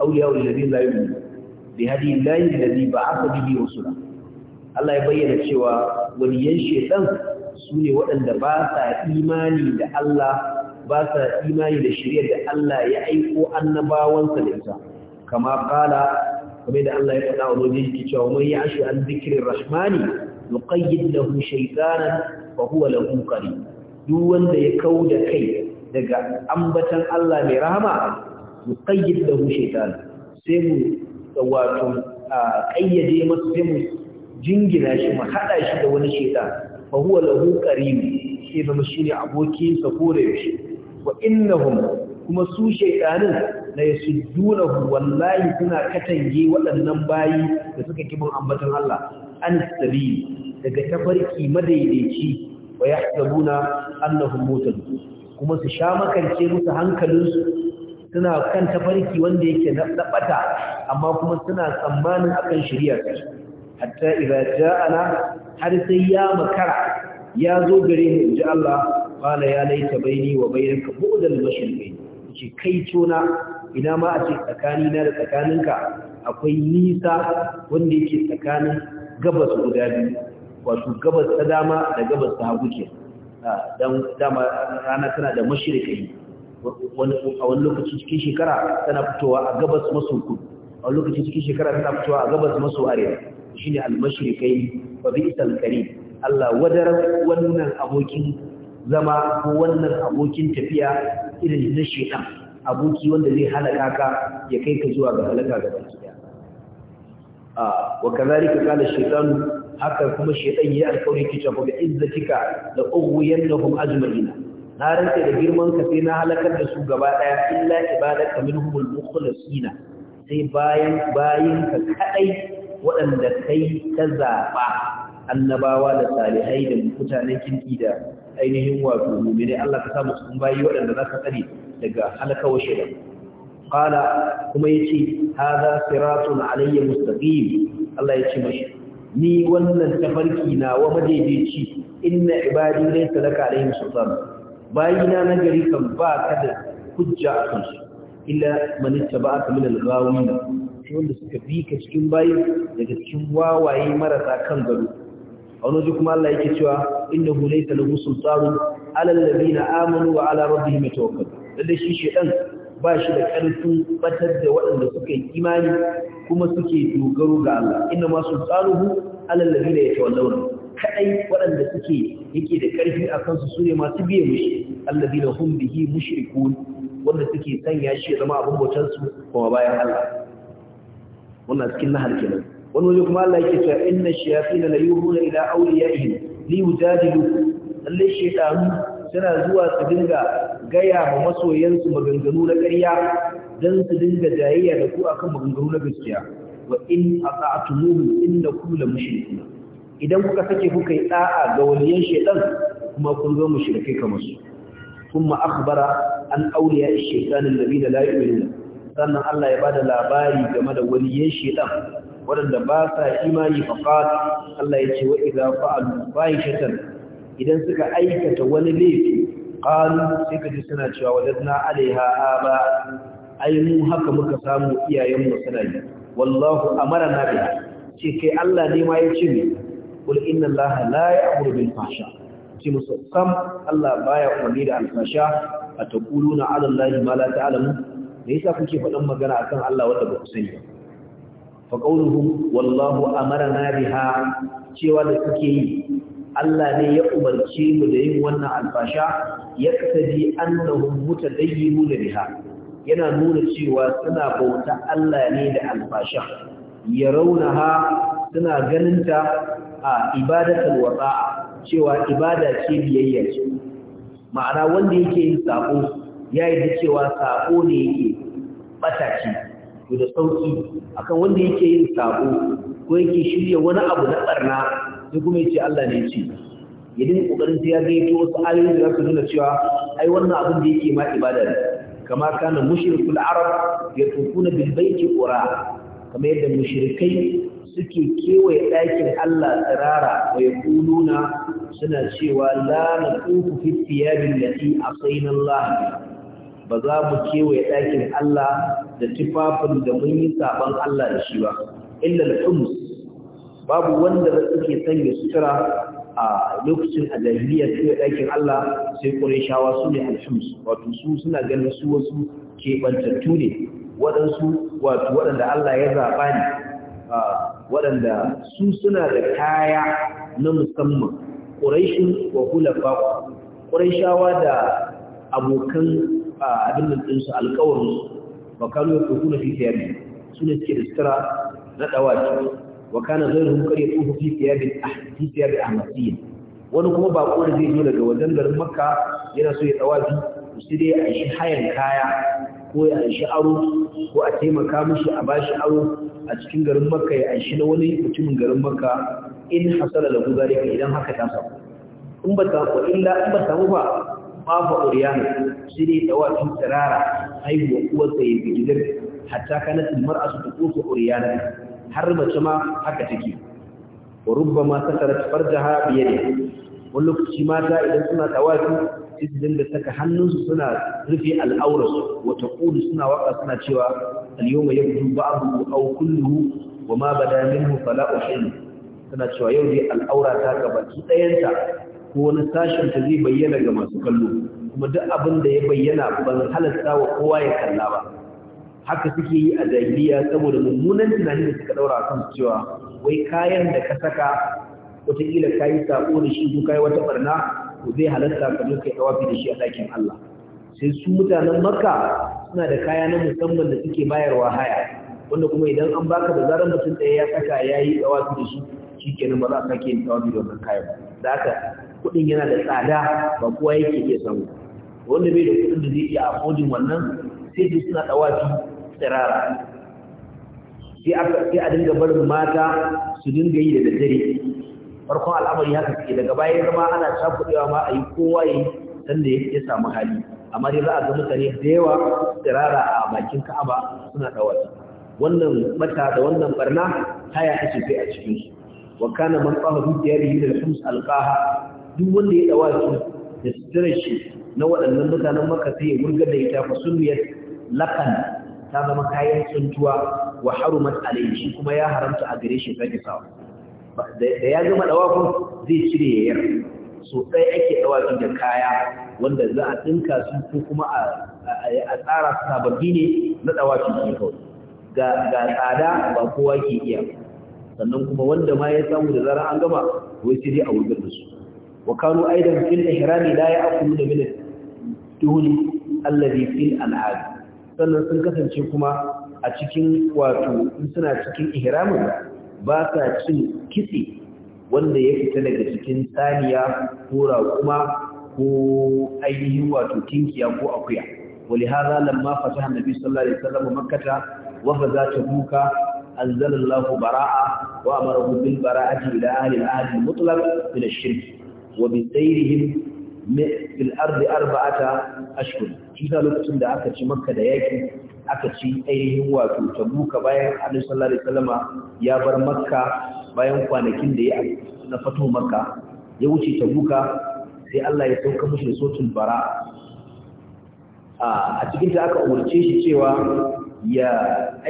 أولياء الذين لا يؤمنون بهدي الله الذي بعث به رسوله الله يبين cewa waliyan shedan sune waɗanda ba sa imani da Allah ba sa imani da shirya da Allah ya aiko annabawansa da ita kama kala kamar da Allah ya faɗa wa wajen yake cewa man ya'shu an dhikrir rahmani nuqayyid lahu shaytanan fa lahu qarin duk wanda ya kauda kai daga ambatan Allah mai rahama muqayyid lahu shaytan sai mu wato kayyade masa sai mu jingina shi mu hada shi da wani shaytan fa huwa lahu qarin sai zama shine abokin sa kore shi wa innahum kuma su shaytanin na yasuddunahu wallahi suna katange waɗannan bayi da suka kibin ambatan Allah an sabi daga tafarki madaidaici wa yahsabuna annahum mutadun kuma su sha makance musu hankalinsu suna kan tafarki wanda yake naɓata, amma kuma suna tsammanin akan shirya su hatta idza har sai ya makara ya zo gare mu inji Allah qala ya laita baini wa bainaka bu'dal mashriqain ce kai cona ina ma a ce tsakani na da tsakaninka akwai nisa wanda yake tsakanin gabas guda biyu wato gabas ta dama da gabas ta hagu dama rana tana da mashirikai a wani lokaci cikin shekara tana fitowa a gabas maso kudu a wani lokaci cikin shekara tana fitowa a gabas maso arewa shi ne almashirikai ba bi isal kare Allah wadar wannan abokin zama ko wannan abokin tafiya irin na shekan aboki wanda zai halaka ka ya kai ka zuwa ga halaka gaba ɗaya ah, wa kazalika qala shaytanu haka kuma shedan ya alƙawari kice ko bi izzatika la ughwiyannahum ajma'ina na rantsa da girman ka sai na halakar da su gaba ɗaya illa ibadaka minhumul mukhlasina sai bayan bayan ka kaɗai waɗanda kai ta zaɓa annabawa da salihai da mutanen kinki da ainihin wato mu'mini Allah ka samu mu sun bayi waɗanda za ka tsare daga halakawar shedan kala kuma yace haza siratun alayya mustaqim Allah yace mashi ni wannan tafarki na wa madaidaici inna ibadi laysa laka alaihim sultan bayina na gari kan ba ka da hujja a kansu illa man ittaba'aka min al-ghawin wanda suka bi ka cikin bayi daga cikin wawaye marasa kan gado a wani kuma Allah yake cewa innahu laysa lahu sultanun ala alladhina amanu wa ala rabbihim yatawakkalun lalle shi shedan ba shi da ƙarfin batar da waɗanda suka yi imani kuma suke dogaro ga Allah inna ma ya alal ladina yatawallawna kadai waɗanda suke yake da ƙarfi a kansu sune masu biye mushi alladina hum bihi mushrikun wanda suke sanya shi zama abin bautar su kuma bayan Allah wannan cikin nahar kenan wani waje kuma Allah yake cewa inna shayatin la yuhuna ila awliyaihim li yujadilu lalle shaytanu tana zuwa su dinga gaya wa masoyansu maganganu na ƙarya don su dinga jayayya da ku akan maganganu na gaskiya wa in ata'tumuhu innakum la mushrikuna idan kuka sake kuka yi ɗa'a ga waliyan shaytan kuma kun zo mushrike kamar su kuma akhbara an awliya ash-shaytan alladhina da yu'minuna sannan Allah ya bada labari game da waliyan shaytan waɗanda ba sa imani faqat Allah ya ce wa idza fa'alu fahishatan idan suka aikata wani laifi qalu sai ji suna cewa wajadna alaiha aba ai mu haka muka samu iyayen mu suna yi wallahu amarna bi ce kai Allah ne ma ya ce ne qul inna allaha la ya'muru bil fahsha ce musu sam Allah baya umarni da alfasha a taquluna ala Allah ma la ta'lamu me yasa kuke faɗan magana akan Allah wanda ba ku sani ba faƙaunuhu wallahu amarana biha cewa da suke yi Allah ne ya umarce mu da yin wannan alfasha ya kasaji annahum mutadayyimu da biha yana nuna cewa suna bauta Allah ne da alfasha ya ha suna ta a ibadatul wada'a cewa ibada ce biyayya ce ma'ana wanda yake yin sako ya yi da cewa sako ne yake bata ce to da sauki akan wanda yake yin sako ko yake shirya wani abu na barna duk kuma ce Allah ne yace ya dinga kokarin sai ya ga yake wasu ayoyi da su nuna cewa ai wannan abin da yake ma ibada ne kama kana mushrikul arab yatufuna bil baiti qura kamar yadda mushrikai suke kewaye ɗakin Allah tsirara wa ya kununa suna cewa la na tsufu fitiyabin da ti a tsayin Allah ba za mu kewaye ɗakin Allah da tufafin da mun yi saban Allah da shi ba illa al'umus babu wanda suke sanya sutura a lokacin a jahiliya sai ɗakin Allah sai shawa su ne alhams wato su suna ganin su wasu keɓantattu ne waɗansu wato waɗanda Allah ya zaɓa ne waɗanda su suna da kaya na musamman ƙureshin wa hulafa ƙureshawa da abokan abin da ɗinsu alƙawarinsu ba kano ya fi hulafi fiye su ne suke da sutura na ɗawaki wa kana ghayruhum qad yatufu fi thiyab al-ahdi thiyab ahmasiyya wani kuma bako da zai zo daga wajen garin makka yana so ya tsawafi tawafi sai dai a shi hayan kaya ko ya aishi aro ko a taimaka mishi a bashi aro a cikin garin makka ya aishi na wani mutumin garin makka in hasala lahu zalika idan haka ta samu in ba ta ko illa in ba samu ba ma fa uriyana shi ne dawatin tsirara haihuwa uwarsa ya bi gidan hatta kanat mar'atu tuqutu uriyana har mace ma haka take wa rubbama sakarat farjaha bi yadi wani lokaci mata idan suna tawafi sai su dinga saka hannunsu suna rufe al'aurarsu wata taqulu suna waka suna cewa al-yawma yabdu ba'du aw kulluhu wa ma bada minhu fala uhillu suna cewa yau dai al'aura ta ki dayanta ko wani sashen ta zai bayyana ga masu kallo kuma duk abin da ya bayyana ban halarta wa kowa ya kalla ba haka suke yi a jahiliya saboda mummunan tunani da suka daura kan cewa wai kayan da ka saka wataƙila ka yi sako da shi ko ka yi wata barna ko zai halatta ka zo tawafi da shi a ɗakin Allah sai su mutanen makka suna da kaya na musamman da suke bayarwa haya wanda kuma idan an baka da zarar mutum ɗaya ya saka ya yi tawafi da shi shikenan ba za a sake yin tawafi da wannan kayan da haka kuɗin yana da tsada ba kowa yake iya samu wanda bai da kuɗin da zai iya affording wannan sai su suna tawafi tsirara sai a dinga barin mata su dinga yi da daddare farkon al'amari haka suke daga bayan zama ana shafuɗewa ma a yi kowa yi sanda ya samu hali amma dai za a ga mutane da yawa tsirara a bakin ka'aba suna ɗawata wannan mata da wannan barna haya ake kai a cikin su wa kana man qaha bi diyarihi lil khums alqaha duk wanda ya dawaci da sitirar shi na waɗannan mutanen maka sai ya gurgar da ita fa sunniyat lakan ta zama kayan tsuntuwa wa harumat alayhi kuma ya haramta a gare shi sake sawa da ya gama dawafin zai cire yayar so ɗaya ake dawafin da kaya wanda za a tsinka su ko kuma a tsara sababbi ne na dawafin ne kawai ga tsada ba kowa ke iya sannan kuma wanda ma ya samu da zara an gama wai sai dai a wurgar da su wa kanu aidan fil ihrami la ya'kulu min da tuhuni alladhi fil al'ad sannan sun kasance kuma a cikin wato in suna cikin ihramin ba sa cin kitse wanda ya fita daga cikin saniya ko raƙuma ko ainihin wato tinkiya ko akuya ولهذا لما فتح النبي صلى الله عليه وسلم مكة وفزا تبوك أنزل الله براءة وأمره بالبراءة إلى أهل الأهل المطلق من الشرك وبسيرهم fil ardi arba'ata ashhur shi lokacin da aka ci makka da yaki aka ci ainihin wato tabuka bayan annabi sallallahu alaihi wasallama ya bar makka bayan kwanakin da ya na fato makka ya wuce tabuka sai Allah ya sauka mushi sotul bara a cikin ta aka umarce shi cewa ya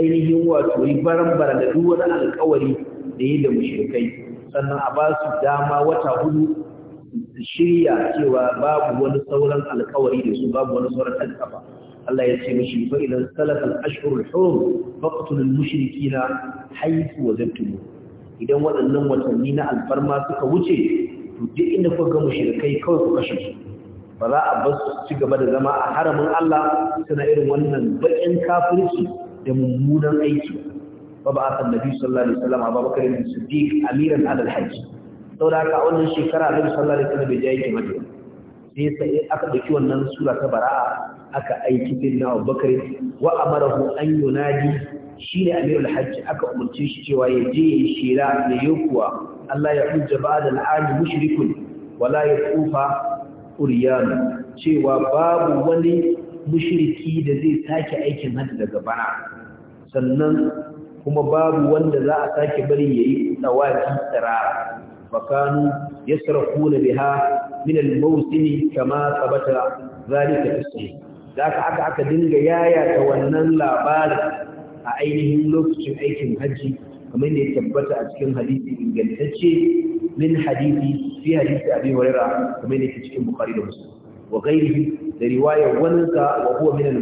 ainihin wato yi baran-baran da duk wani alƙawari da ya da mushrikai sannan a ba su dama wata hudu shirya cewa babu wani sauran alkawari da su babu wani sauran alkafa Allah ya ce mashi fa idan salakal ashhurul hurum faqtulul mushrikina haythu wajadtum idan waɗannan watanni na alfarma suka wuce to duk inda kuka ga mushrikai kawai ku kashe su ba za a bar su ci gaba da zama a haramin Allah suna irin wannan bakin kafirci da mummunan aiki ba ba a nabi sallallahu alaihi wasallam Abubakar Siddiq amiran Adal, hajji da aka wannan shekara da sallallahu alaihi bai jayi yake Madina sai sai aka daki wannan sura ta bara'a aka aiki bin Abu Bakar wa amarahu an yunadi shi ne alhaji aka umarce shi cewa ya je ya shira ya yi kuwa Allah ya jaba da al'adu mushrikun wala ya yaqufa uriyanu cewa babu wani mushiriki da zai sake aikin hajji daga bana sannan kuma babu wanda za a sake bari ya yi tsawaki tsara فكانوا يسرقون بها من الموسم كما ثبت ذلك في الصحيح ذاك aka aka dinga yaya ta wannan labarin a ainihin lokacin aikin hajji kamar da ya tabbata a cikin hadisi ingantacce min hadisi fi hadisi abi hurairah kamar da yake cikin bukhari da muslim wa ghairihi da riwayar wanda wa huwa min al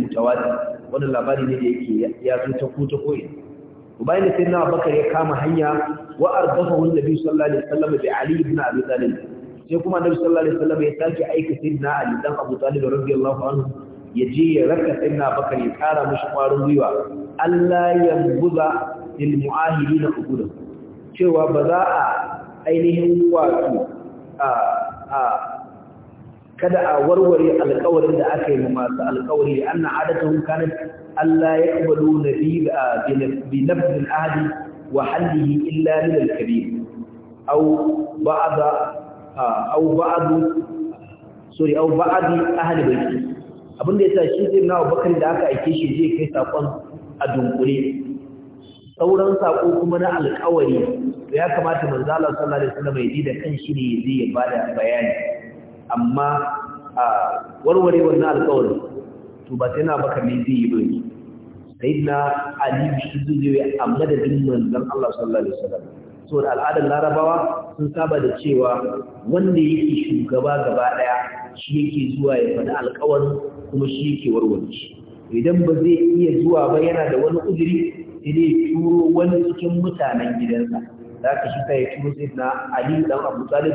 wannan labarin ne da yake ya zo ta ko ta bayan sai na bakar ya kama hanya wa ardafa wani nabi sallallahu alaihi wasallam bi ali ibn abi talib sai kuma nabi sallallahu alaihi wasallam ya sake aika sayyidina ali dan abu talib radiyallahu anhu ya je ya raka sayyidina bakar ya kara mishi kwarin gwiwa Allah ya buza lil mu'ahidin uqudan cewa ba za a ainihin wato a kada a warware alƙawarin da aka yi masu alƙawari anna adatuhum kanat alla yaqbalu nabiyya bi nafsin ahadi wa hallihi illa min al-kabir aw ba'd aw ba'd sorry aw ba'd ahli baiti abin da yasa shi zai nawa Abubakar da aka aike shi zai kai sakon a dunkule sauran sako kuma na alƙawari ya kamata manzo Allah sallallahu alaihi wasallam ya ji da kan shi ne zai bada bayani amma a warware wannan alƙawarin to ba tana na baka mai zai yi bane sai na ali shi zai a madadin manzon Allah sallallahu alaihi wasallam so da al'adar larabawa sun saba da cewa wanda yake shugaba gaba daya shi yake zuwa ya faɗi alƙawar kuma shi yake warware shi idan ba zai iya zuwa ba yana da wani uzuri sai turo wani cikin mutanen gidansa zaka ka shi sai turo sai na Ali dan Abu Talib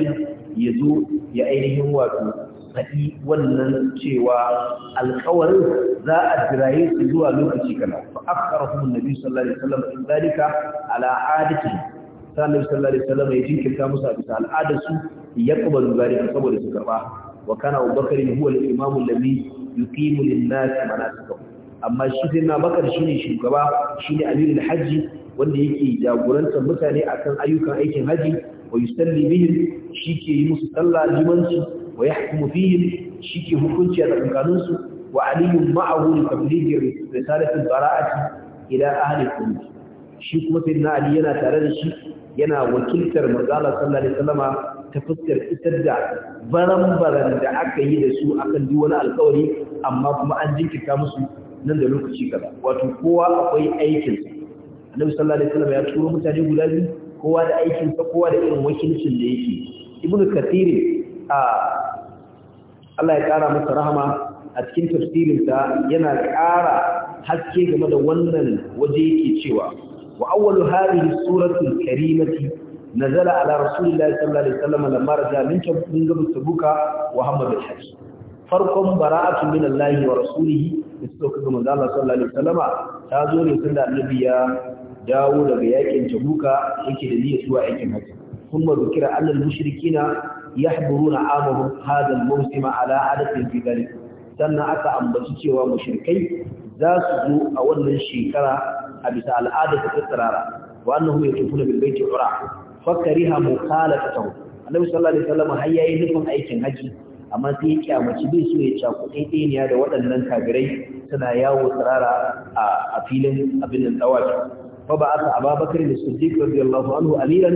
ya zo ya ainihin wato haɗi wannan cewa alkawarin za a jiraye su zuwa lokaci kana fa akharahum nabi sallallahu alaihi wasallam in zalika ala adati sallallahu alaihi wasallam ya jinkirta musu a bisa al'adar su ya kubalu zalika saboda su karba wa kana abubakar huwa al-imam yuqimu lin-nas manasikahu amma shi sai na bakar shine shugaba shine amirul hajji wanda yake jagorantar mutane akan ayyukan aikin haji wa yusalli bihim shi ke yi musu sallah limanci wa yahkumu fihim shi ke hukunci a tsakanin su wa aliyun ma'ahu li tablighi risalatil bara'ati ila ahli al-qulub shi kuma sayyidina ali yana tare da shi yana wakiltar manzala sallallahu alaihi wasallama ta fuskar isar da baran-baran da aka yi da su akan duk wani alkawari amma kuma an jinkirta musu nan da lokaci kaza wato kowa akwai aikin annabi sallallahu alaihi ya turo mutane guda biyu kowa da aikin sa kowa da irin wakilcin da yake ibnu kathiri a Allah ya kara masa rahama a cikin tafsirinsa yana ƙara haske game da wannan waje yake cewa wa awwalu hadhihi suratul karimati nazala ala rasulillahi sallallahu alaihi wasallam lamma raja min tabun gabu sabuka wa hamad al-hajj farkon bara'atu min Allah wa rasulihi da ga manzo Allah sallallahu alaihi ta zo ne tunda annabi ya dawo daga yakin tabuka yake da niyyar zuwa yakin hajji kuma zikira annal mushrikina yahduruna na hadha Hadal, mawsim ala adatin fi sannan aka ambaci cewa mushrikai za su zo a wannan shekara a bisa al'ada ta tsirara wa annahum yatufuna bil baiti ura fakariha mukhalafatuhu annabi sallallahu alaihi wasallam har yayi nufin aikin hajji amma sai ya kyamaci bai so ya cako ɗaya da waɗannan kagirai suna yawo tsirara a filin abin da tsawaci وبعث أبا بكر الصديق رضي الله عنه أميرا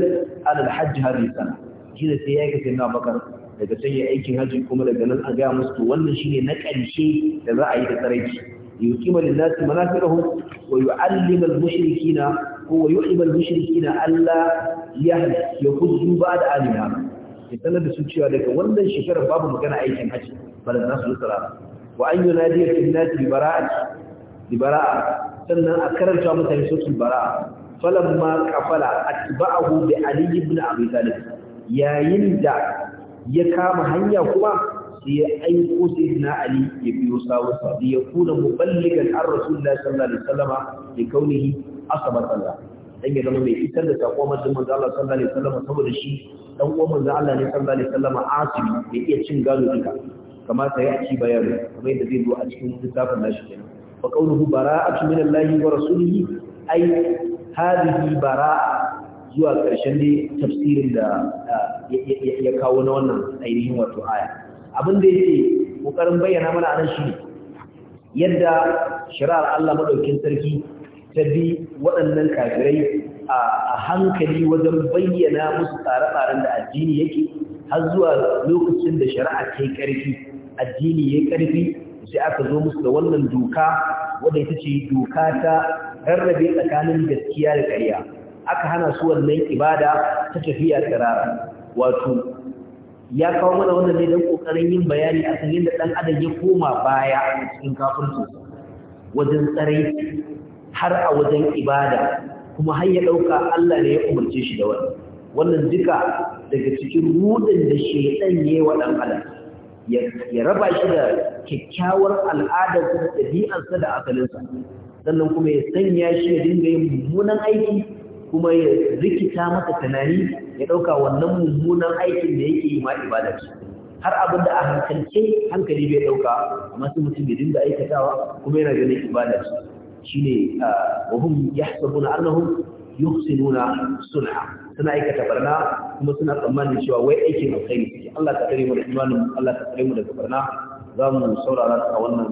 على الحج هذه السنة كذا سيئة na bakar daga can ya aikin hajji kuma daga nan a ga musu wannan shine na karshe da za a yi da tsaraici yuqima lin-nas manasirahum wa yu'allimu al-mushrikeena ko wa alla yahdi yahuddu ba'da alima ya da su cewa daga wannan shekarar babu magana aikin hajji bal nasu sura wa an yunadi fi nas bi sannan a karanta mutane sautul bara falamma kafala atba'ahu bi ali ibn abi talib yayin da ya kama hanya kuma sai ya aiko sayyidina ali ya biyo sawu sai ya kuna muballigan ar rasulullahi sallallahu alaihi wasallam li kaunihi asaba sallah dan ya zama mai fitar da sako manzon manzo Allah sallallahu alaihi wasallam saboda shi dan uwan manzo Allah ne sallallahu alaihi wasallam asibi ya iya cin gado duka kamar sai a ci bayani kamar yadda zai zo a cikin littafin nashi kenan wa qawluhu bara'atun min Allahi wa rasulihi ai hadhihi bara'a zuwa ƙarshen tafsirin da ya kawo na wannan ainihin wato aya abin da yake kokarin bayyana mana anan shi yadda shari'ar Allah maɗaukin sarki ta bi waɗannan kafirai a hankali wajen bayyana musu tsare-tsaren da addini yake har zuwa lokacin da shari'a ke ƙarfi addini ya ƙarfi sai aka zo musu da wannan doka wadda ita ce doka ta rarrabe tsakanin gaskiya da ƙarya aka hana su wannan ibada ta tafiya tsirara wato ya kawo mana wannan ne don ƙoƙarin yin bayani a kan yadda ɗan adam ya koma baya cikin kafirci wajen tsare har a wajen ibada kuma har ya ɗauka Allah ne ya umarce shi da wannan wannan duka daga cikin rudin da shaidan ya yi wa ɗan adam ya raba shi da kyakkyawar al'adarsa da ɗabi'arsa da asalinsa sannan kuma ya sanya shi ya dinga yin mummunan aiki kuma ya rikita masa tunani ya ɗauka wannan mummunan aikin da yake yi ma ibada har abin da a hankalce hankali bai ɗauka amma sai mutum ya dinga aikatawa kuma yana ganin ibada shi shine ah, wa hum yahsabuna annahum yuhsinuna sulha suna aikata barna kuma suna tsammanin cewa wai aikin alkhairi suke Allah ka tare mu da imanin Allah ka tare mu daga barna za mu saurara a wannan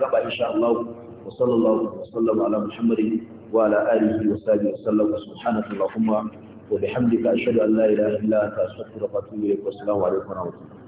gaba insha Allah wa sallallahu sallam ala muhammadin wa ala alihi wa sahbihi wa sallam subhanaka allahumma wa bihamdika ashhadu an la ilaha illa anta astaghfiruka wa atubu ilaik wa assalamu alaikum wa rahmatullahi